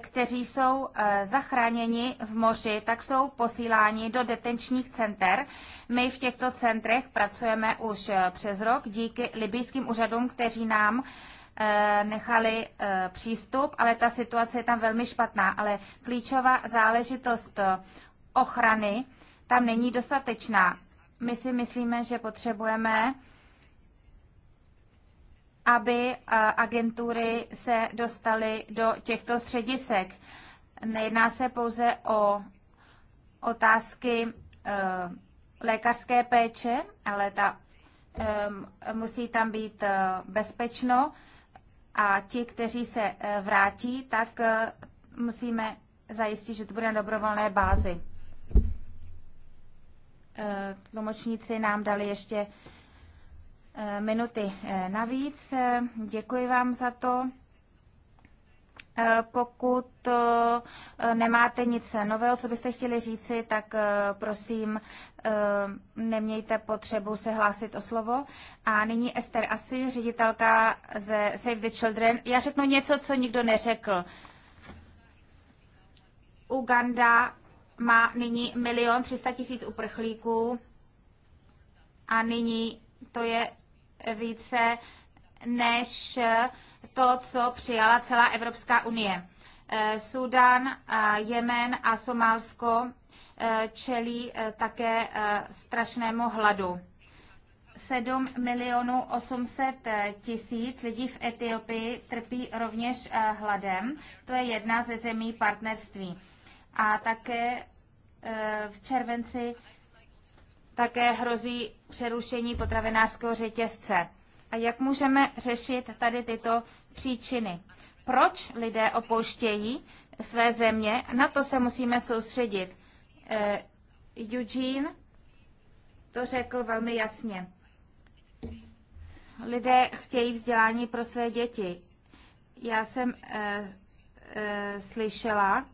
kteří jsou eh, zachráněni v moři, tak jsou posíláni do detenčních center. My v těchto centrech pracujeme už eh, přes rok díky libijským úřadům, kteří nám eh, nechali přístup, ale ta situace je tam velmi špatná. Ale klíčová záležitost ochrany tam není dostatečná. My si myslíme, že potřebujeme aby eh, agentury se dostaly do těchto středisek. Nejedná se pouze o otázky eh, lékařské péče, ale ta, eh, musí tam být bezpečno a ti, kteří se vrátí, tak musíme zajistit, že to bude na dobrovolné bázi. Tlumočníci nám dali ještě Eh, minuty eh, navíc. Eh, děkuji vám za to. Pokud nemáte nic nového, co byste chtěli říci, tak prosím, nemějte potřebu se hlásit o slovo. A nyní Esther, Asi, ředitelka ze Save the Children. Já řeknu něco, co nikdo neřekl. Uganda má nyní milion 300 tisíc uprchlíků a nyní to je více než to, co přijala celá Evropská unie. Eh, Sudan, Jemen a Somálsko eh, čelí eh, také strašnému hladu. 7 milionů 800 tisíc lidí v Etiopii trpí rovněž hladem. To je jedna ze zemí partnerství. A také v červenci také hrozí přerušení potravinářského řetězce. A jak můžeme řešit tady tyto příčiny? Proč lidé opouštějí své země? Na to se musíme soustředit. Eh, Eugene to řekl velmi jasně. Lidé chtějí vzdělání pro své děti. Já jsem e, e, slyšela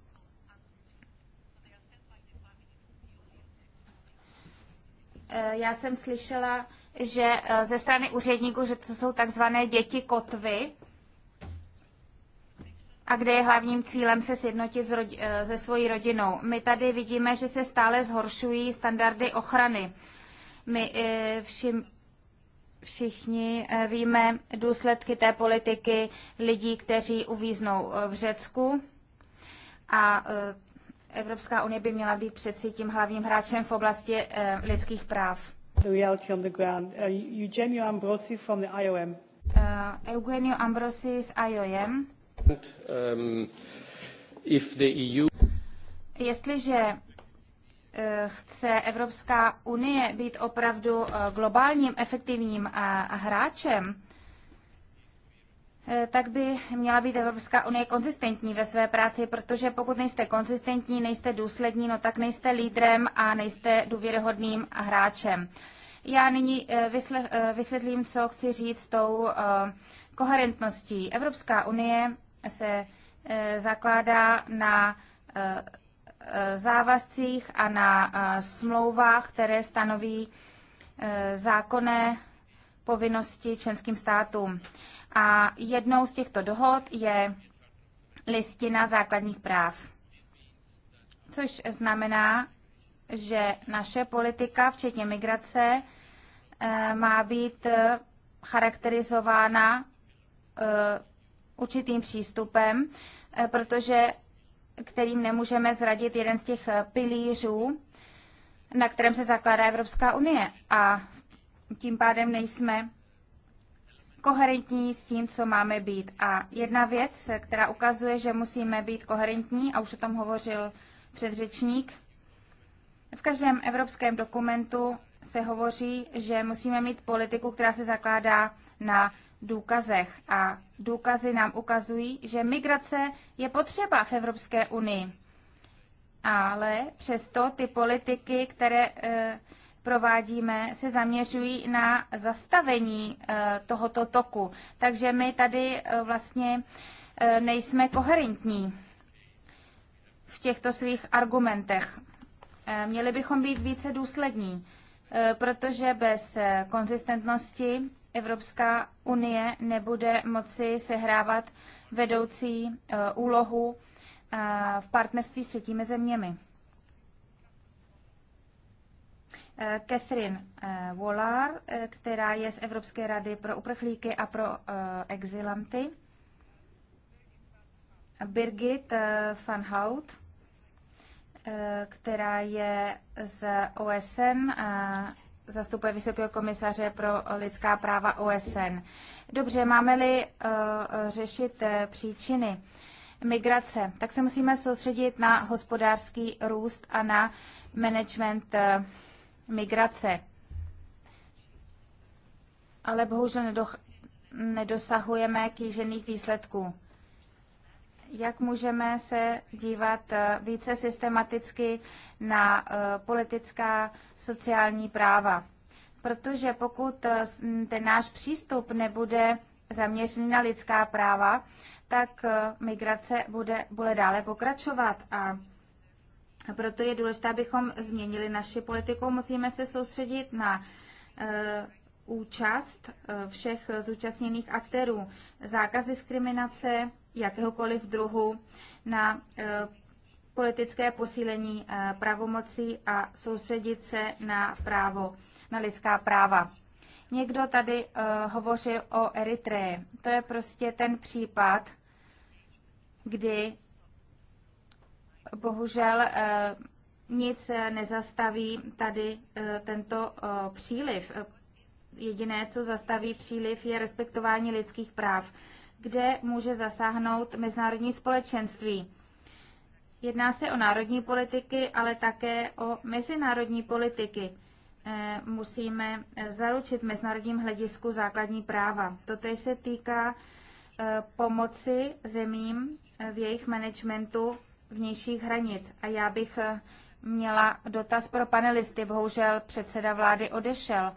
Eh, já jsem slyšela, že eh, ze strany úředníků, že to jsou takzvané děti kotvy, a kde je hlavním cílem se sjednotit eh, se svojí rodinou. My tady vidíme, že se stále zhoršují standardy ochrany. My všim, všichni víme důsledky té politiky lidí, kteří uvíznou v Řecku. A Evropská unie by měla být přeci tím hlavním hráčem v oblasti uh, lidských práv. The reality on the ground. Uh, Eugenio Ambrosi from the IOM. Uh, eh, Eugenio Ambrosi z IOM. And, um, if the EU... Jestliže eh, chce Evropská unie být opravdu globálním efektivním hráčem, Eh, tak by měla být Evropská unie konzistentní ve své práci, protože pokud nejste konzistentní, nejste důslední, no tak nejste lídrem a nejste důvěryhodným hráčem. Já nyní eh, eh, vysvětlím, co chci říct s tou koherentností. Evropská unie se zakládá na závazcích a na smlouvách, které stanoví zákonné povinnosti členským státům a jednou z těchto dohod je listina základních práv. Což znamená, že naše politika, včetně migrace, eh, má být eh, charakterizována eh, určitým přístupem, protože kterým nemůžeme zradit jeden z těch pilířů, na kterém se zakládá Evropská unie. A tím pádem nejsme koherentní s tím, co máme být. A jedna věc, která ukazuje, že musíme být koherentní, a už o tom hovořil předřečník, v každém evropském dokumentu se hovoří, že musíme mít politiku, která se zakládá na důkazech. A důkazy nám ukazují, že migrace je potřeba v Evropské unii. Ale přesto ty politiky, které. Eh, provádíme, se zaměřují na zastavení eh, tohoto toku. Takže my tady eh, vlastně eh, nejsme koherentní v těchto svých argumentech. Měli bychom být více důslední, protože bez konzistentnosti Evropská unie nebude moci sehrávat vedoucí úlohu v partnerství s třetími zeměmi. Catherine eh, Wallar, eh, která je z Evropské rady pro uprchlíky a pro eh, exilanty. Birgit van Hout, která je z OSN a zastupuje Vysokého komisaře pro lidská práva OSN. Dobře, máme-li řešit příčiny migrace, tak se musíme soustředit na hospodářský růst a na management migrace. Ale bohužel nedosahujeme kýžených výsledků. Jak můžeme se dívat eh, více systematicky na eh, politická sociální práva? Protože pokud eh, ten náš přístup nebude zaměřený na lidská práva, tak migrace bude, bude dále pokračovat a proto je důležité, abychom změnili naši politiku. Musíme se soustředit na eh, účast eh, všech zúčastněných aktérů, zákaz diskriminace jakéhokoliv druhu na eh, politické posílení pravomocí a soustředit se na právo, na lidská práva. Někdo tady uh, hovořil o Eritreji. To je prostě ten případ, kdy bohužel eh, nic nezastaví tady eh, tento eh, příliv. Jediné, co zastaví příliv, je respektování lidských práv, kde může zasáhnout mezinárodní společenství. Jedná se o národní politiky, ale také o mezinárodní politiky. Musíme zaručit v mezinárodním hledisku základní práva. Toto se týká pomoci zemím v jejich managementu vnějších hranic. A já bych eh, měla dotaz pro panelisty. Bohužel předseda vlády odešel.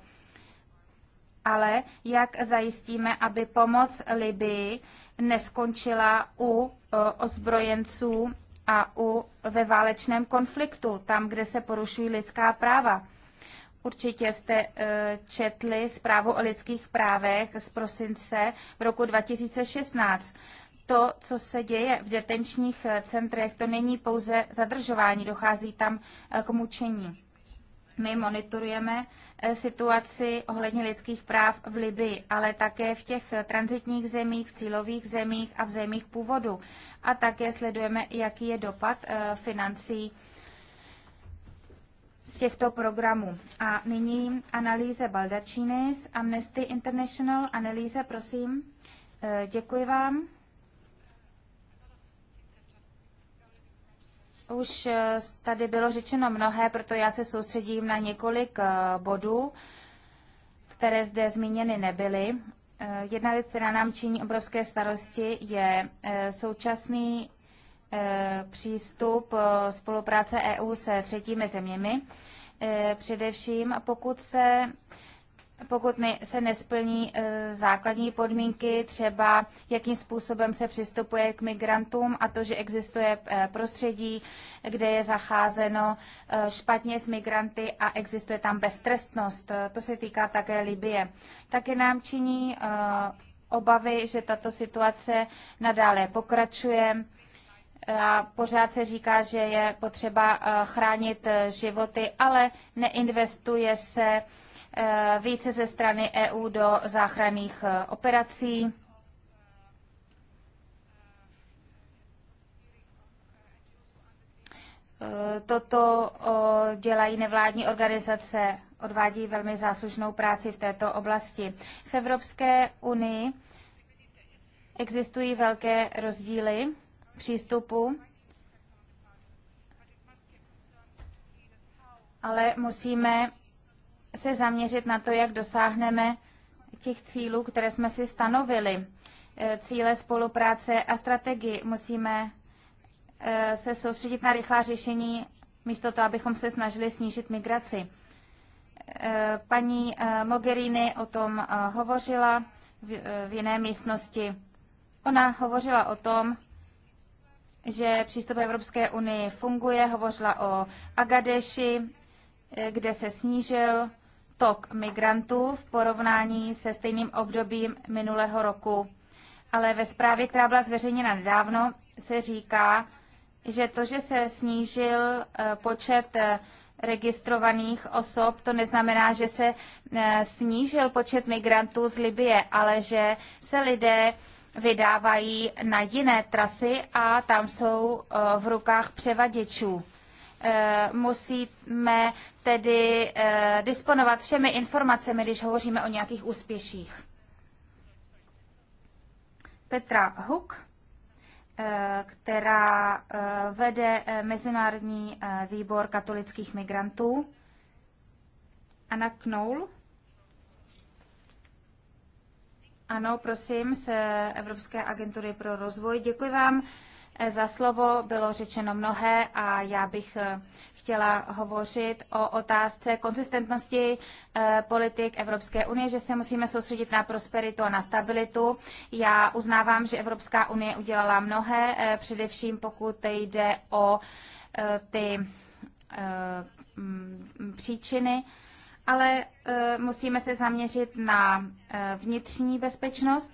Ale jak zajistíme, aby pomoc Libii neskončila u eh, ozbrojenců a u ve válečném konfliktu, tam, kde se porušují lidská práva? Určitě jste eh, četli zprávu o lidských právech z prosince v roku 2016 to, co se děje v detenčních eh, centrech, to není pouze zadržování, dochází tam eh, k mučení. My monitorujeme eh, situaci ohledně lidských práv v Libii, ale také v těch transitních zemích, v cílových zemích a v zemích původu. A také sledujeme, jaký je dopad financí z těchto programů. A nyní analýze Baldacini z Amnesty International. Analýze, prosím. Děkuji vám. Už eh, tady bylo řečeno mnohé, proto já se soustředím na několik eh, bodů, které zde zmíněny nebyly. Eh, jedna věc, která nám činí obrovské starosti, je současný přístup spolupráce EU se třetími zeměmi. Především pokud se pokud mi se nesplní e, základní podmínky, třeba jakým způsobem se přistupuje k migrantům a to, že existuje e, prostředí, kde je zacházeno e, špatně s migranty a existuje tam beztrestnost. To se týká také Libie. Také nám činí obavy, že tato situace nadále pokračuje. A pořád se říká, že je potřeba chránit životy, ale neinvestuje se Eh, více ze strany EU do záchranných eh, operací. Eh, toto dělají nevládní organizace, odvádí velmi záslužnou práci v této oblasti. V Evropské unii existují velké rozdíly přístupu, ale musíme se zaměřit na to, jak dosáhneme těch cílů, které jsme si stanovili. E, cíle spolupráce a strategii musíme e, se soustředit na rychlá řešení, místo toho, abychom se snažili snížit migraci. E, paní Mogherini o tom hovořila v jiné místnosti. Ona hovořila o tom, že přístup Evropské unii funguje, hovořila o Agadeši kde se snížil tok migrantů v porovnání se stejným obdobím minulého roku. Ale ve zprávě, která byla zveřejněna nedávno, se říká, že to, že se snížil eh, počet eh, registrovaných osob, to neznamená, že se eh, snížil počet migrantů z Libie, ale že se lidé vydávají na jiné trasy a tam jsou v rukách převaděčů. Eh, musíme tedy eh, disponovat všemi informacemi, když hovoříme o nějakých úspěších. Petra Huk, eh, která vede Mezinárodní výbor katolických migrantů. Anna Knoul. Ano, prosím, z Evropské agentury pro rozvoj. Děkuji vám za slovo. Bylo řečeno mnohé a já bych eh, chtěla hovořit o otázce konzistentnosti eh, politik Evropské unie, že se musíme soustředit na prosperitu a na stabilitu. Já uznávám, že Evropská unie udělala mnohé, eh, především pokud jde o ty mm, příčiny, ale musíme se zaměřit na vnitřní bezpečnost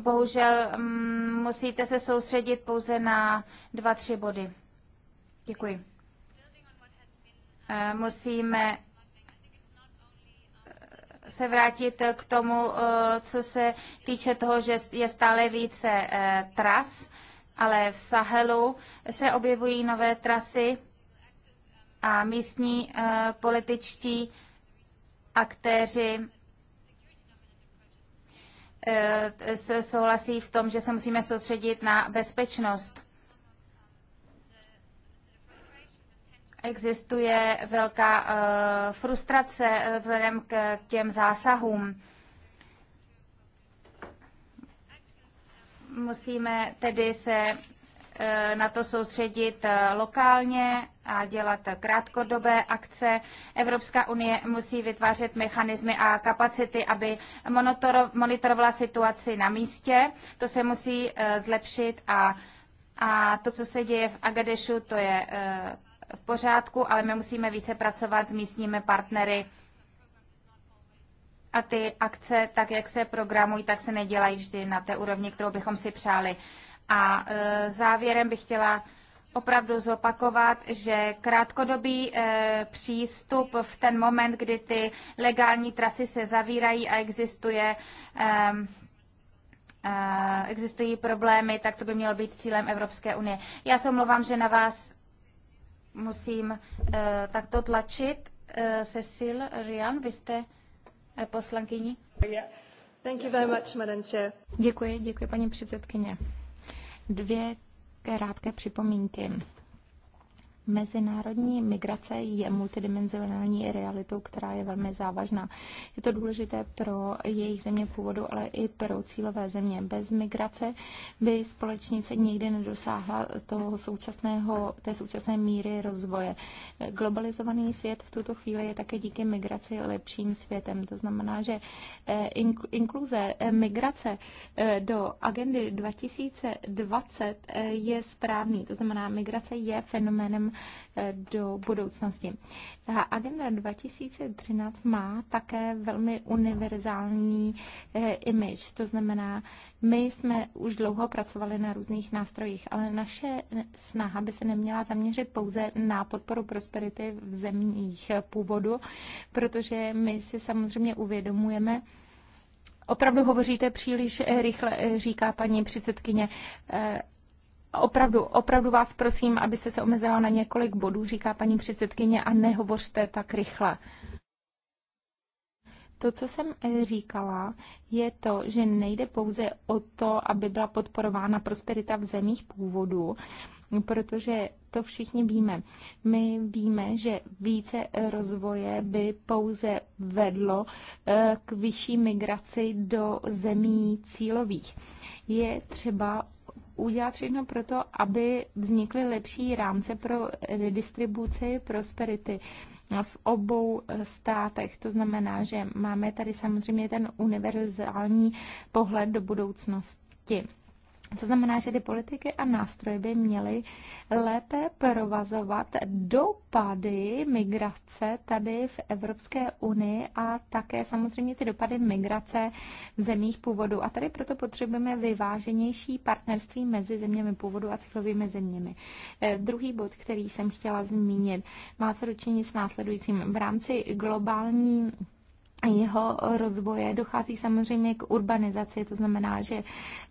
Bohužel mm, musíte se soustředit pouze na dva, tři body. Děkuji. Eh, musíme eh, se vrátit k tomu, eh, co se týče toho, že je stále více tras, ale v Sahelu se objevují nové trasy a místní političtí aktéři Eh, souhlasí v tom, že se musíme soustředit na bezpečnost. Existuje velká eh, frustrace eh, vzhledem k těm zásahům. Musíme tedy se Eh, na to soustředit eh, lokálně a dělat krátkodobé akce. Evropská unie musí vytvářet mechanismy a kapacity, aby monitorovala situaci na místě. To se musí eh, zlepšit a, a to, co se děje v Agadešu, to je v pořádku, ale my musíme více pracovat s místními partnery a ty akce, tak jak se programují, tak se nedělají vždy na té úrovni, kterou bychom si přáli. A e, závěrem bych chtěla opravdu zopakovat, že krátkodobý e, přístup v ten moment, kdy ty legální trasy se zavírají a existuje e, existují problémy, tak to by mělo být cílem Evropské unie. Já se omlouvám, že na vás musím takto tlačit. Cecil Rian, vy jste poslankyní. Thank you very much, Madam Chair. Děkuji, děkuji paní předsedkyně dvě krátké připomínky. Mezinárodní migrace je multidimenzionální realitou, která je velmi závažná. Je to důležité pro jejich země původu, ale i pro cílové země. Bez migrace by společnice nikdy nedosáhla toho současného, té současné míry rozvoje. Globalizovaný svět v tuto chvíli je také díky migraci lepším světem. To znamená, že eh, inkluze eh, migrace eh, do agendy 2020 je správný. To znamená, migrace je fenoménem do budoucnosti. agenda 2013 má také velmi univerzální eh, image, to znamená, my jsme už dlouho pracovali na různých nástrojích, ale naše snaha by se neměla zaměřit pouze na podporu prosperity v zemích původu, protože my si samozřejmě uvědomujeme, Opravdu hovoříte příliš eh, rychle, eh, říká paní předsedkyně. Opravdu, opravdu vás prosím, abyste se omezila na několik bodů, říká paní předsedkyně, a nehovořte tak rychle. To, co jsem eh, říkala, je to, že nejde pouze o to, aby byla podporována prosperita v zemích původu, protože to všichni víme. My víme, že více eh, rozvoje by pouze vedlo eh, k vyšší migraci do zemí cílových. Je třeba udělat všechno pro to, aby vznikly lepší rámce pro redistribuci prosperity v obou státech. To znamená, že máme tady samozřejmě ten univerzální pohled do budoucnosti. To znamená, že ty politiky a nástroje by měly lépe provazovat dopady migrace tady v Evropské unii a také samozřejmě ty dopady migrace v zemích původu. A tady proto potřebujeme vyváženější partnerství mezi zeměmi původu a cílovými zeměmi. Eh, druhý bod, který jsem chtěla zmínit, má se dočení s následujícím. V rámci globální jeho rozvoje. Dochází samozřejmě k urbanizaci, to znamená, že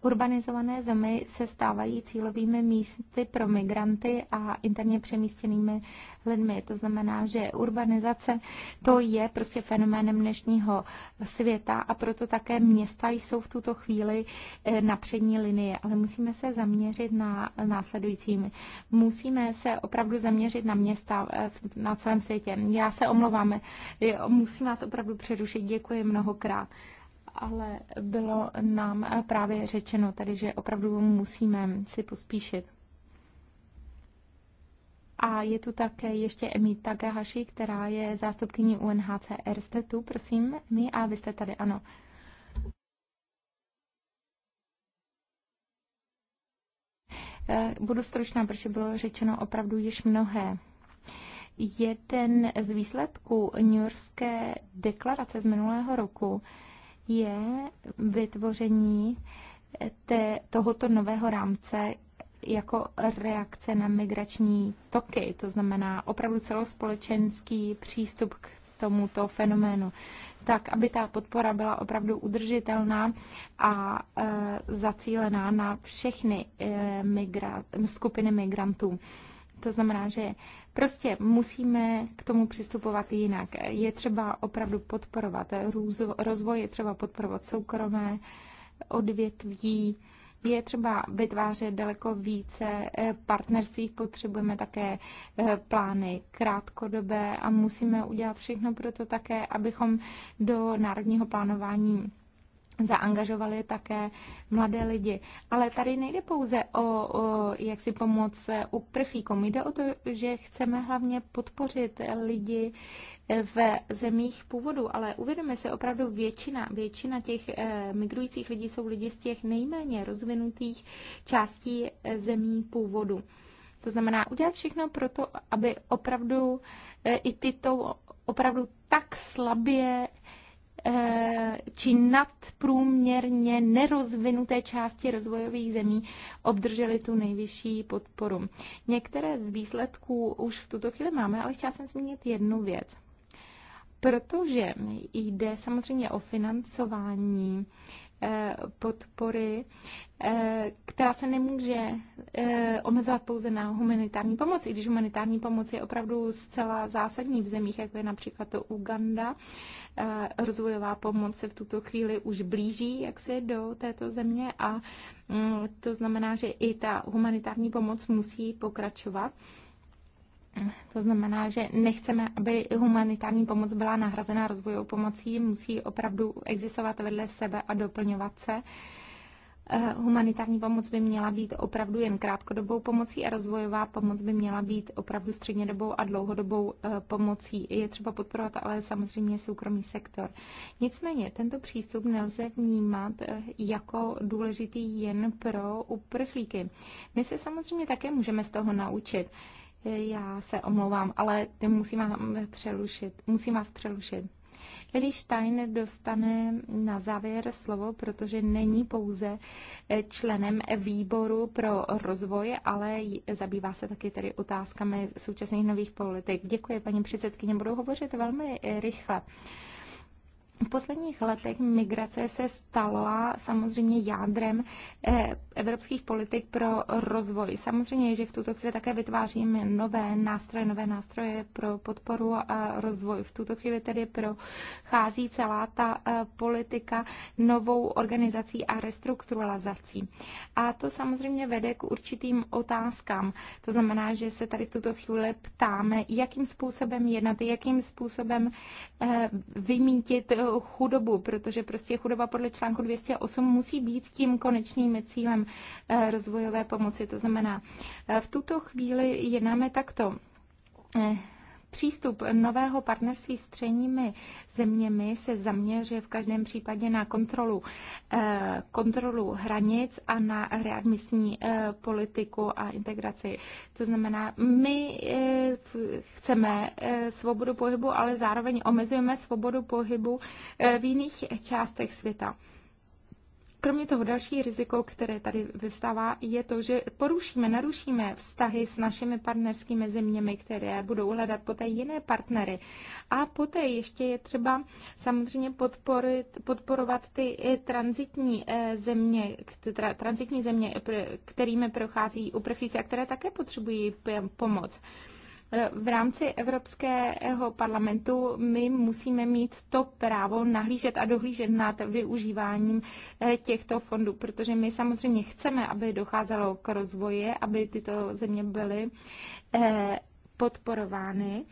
urbanizované zemi se stávají cílovými místy pro migranty a interně přemístěnými lidmi. To znamená, že urbanizace to je prostě fenoménem dnešního světa a proto také města jsou v tuto chvíli e, na přední linii. Ale musíme se zaměřit na následujícími. Musíme se opravdu zaměřit na města e, na celém světě. Já se omlouvám, e, musím vás opravdu přerušit. Děkuji mnohokrát ale bylo nám právě řečeno, tedy že opravdu musíme si pospíšit. A je tu také ještě Emi Takahashi, která je zástupkyní UNHCR. Jste tu, prosím, my a vy jste tady, ano. Budu stručná, protože bylo řečeno opravdu již mnohé. Jeden z výsledků New Yorkské deklarace z minulého roku je vytvoření eh, té, tohoto nového rámce jako reakce na migrační toky, to znamená opravdu celospolečenský přístup k tomuto fenoménu, tak aby ta podpora byla opravdu udržitelná a e, zacílená na všechny e, migra- skupiny migrantů. To znamená, že Prostě musíme k tomu přistupovat jinak. Je třeba opravdu podporovat rozvoj, je třeba podporovat soukromé odvětví, je třeba vytvářet daleko více eh, partnerství, potřebujeme také eh, plány krátkodobé a musíme udělat všechno pro to také, abychom do národního plánování zaangažovali také mladé lidi. Ale tady nejde pouze o, o jak si pomoc uprchlíkům. Jde o to, že chceme hlavně podpořit lidi v zemích původu, ale uvědomme se opravdu většina, většina těch eh, migrujících lidí jsou lidi z těch nejméně rozvinutých částí eh, zemí původu. To znamená udělat všechno pro to, aby opravdu eh, i tyto opravdu tak slabě Eh, či nadprůměrně nerozvinuté části rozvojových zemí obdržely tu nejvyšší podporu. Některé z výsledků už v tuto chvíli máme, ale chtěla jsem zmínit jednu věc. Protože jde samozřejmě o financování Eh, podpory, eh, která se nemůže eh, omezovat pouze na humanitární pomoc, i když humanitární pomoc je opravdu zcela zásadní v zemích, jako je například to Uganda. Rozvojová pomoc se v tuto chvíli už blíží jak se do této země a mm, to znamená, že i ta humanitární pomoc musí pokračovat. To znamená, že nechceme, aby humanitární pomoc byla nahrazena rozvojovou pomocí, musí opravdu existovat vedle sebe a doplňovat se. Eh, humanitární pomoc by měla být opravdu jen krátkodobou pomocí a rozvojová pomoc by měla být opravdu střednědobou a dlouhodobou eh, pomocí. Je třeba podporovat ale samozřejmě soukromý sektor. Nicméně tento přístup nelze vnímat eh, jako důležitý jen pro uprchlíky. My se samozřejmě také můžeme z toho naučit. Já se omlouvám, ale musím vás přerušit. Musím vás přerušit. Eli Stein dostane na závěr slovo, protože není pouze eh, členem výboru pro rozvoj, ale zabývá se taky tedy otázkami současných nových politik. Děkuji, paní předsedkyně, budu hovořit velmi eh, rychle. V posledních letech migrace se stala samozřejmě jádrem eh, evropských politik pro rozvoj. Samozřejmě, že v tuto chvíli také vytváříme nové nástroje, nové nástroje pro podporu a rozvoj. V tuto chvíli tedy prochází celá ta eh, politika novou organizací a restrukturalizací. A to samozřejmě vede k určitým otázkám. To znamená, že se tady v tuto chvíli ptáme, jakým způsobem jednat, jakým způsobem eh, vymítit chudobu, protože prostě chudoba podle článku 208 musí být tím konečným cílem eh, rozvojové pomoci. To znamená, eh, v tuto chvíli jednáme takto eh, Přístup nového partnerství s třeními zeměmi se zaměřuje v každém případě na kontrolu, eh, kontrolu hranic a na readmisní eh, politiku a integraci. To znamená, my eh, chceme svobodu pohybu, ale zároveň omezujeme svobodu pohybu v jiných částech světa. Kromě toho další riziko, které tady vystává, je to, že porušíme, narušíme vztahy s našimi partnerskými zeměmi, které budou hledat poté jiné partnery. A poté ještě je třeba samozřejmě podporit, podporovat ty eh, transitní eh, země, tra, transitní země, eh, kterými prochází uprchlíci a které také potřebují pomoc. Eh, v rámci Evropského parlamentu my musíme mít to právo nahlížet a dohlížet nad využíváním eh, těchto fondů, protože my samozřejmě chceme, aby docházelo k rozvoji, aby tyto země byly eh, podporovány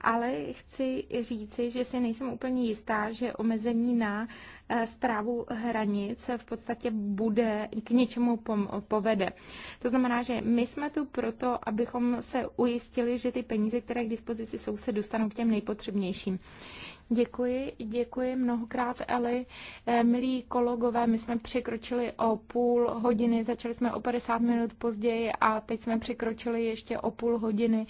ale chci říci, že si nejsem úplně jistá, že omezení na zprávu eh, hranic v podstatě bude k něčemu povede. To znamená, že my jsme tu proto, abychom se ujistili, že ty peníze, které k dispozici jsou, se dostanou k těm nejpotřebnějším. Děkuji, děkuji mnohokrát, Eli. Eh, milí kolegové, my jsme překročili o půl hodiny, začali jsme o 50 minut později a teď jsme překročili ještě o půl hodiny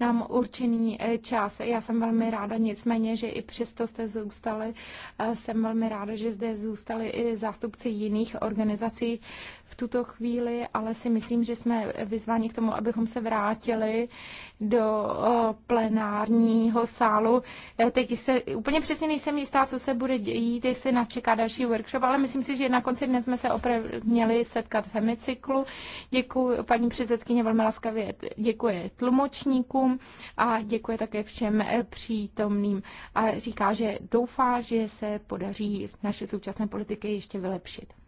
nám určený eh, čas. Já jsem velmi ráda, nicméně, že i přesto jste zůstali, eh, jsem velmi ráda, že zde zůstali i zástupci jiných organizací, v tuto chvíli, ale si myslím, že jsme vyzváni k tomu, abychom se vrátili do eh, plenárního sálu. Eh, teď se úplně přesně nejsem jistá, co se bude dít, jestli nás čeká další workshop, ale myslím si, že na konci dnes jsme se opravdu měli setkat v hemicyklu. Děkuji paní předsedkyně velmi laskavě, děkuji tlumočníkům a děkuji také všem eh, přítomným. A říká, že doufá, že se podaří naše současné politiky ještě vylepšit.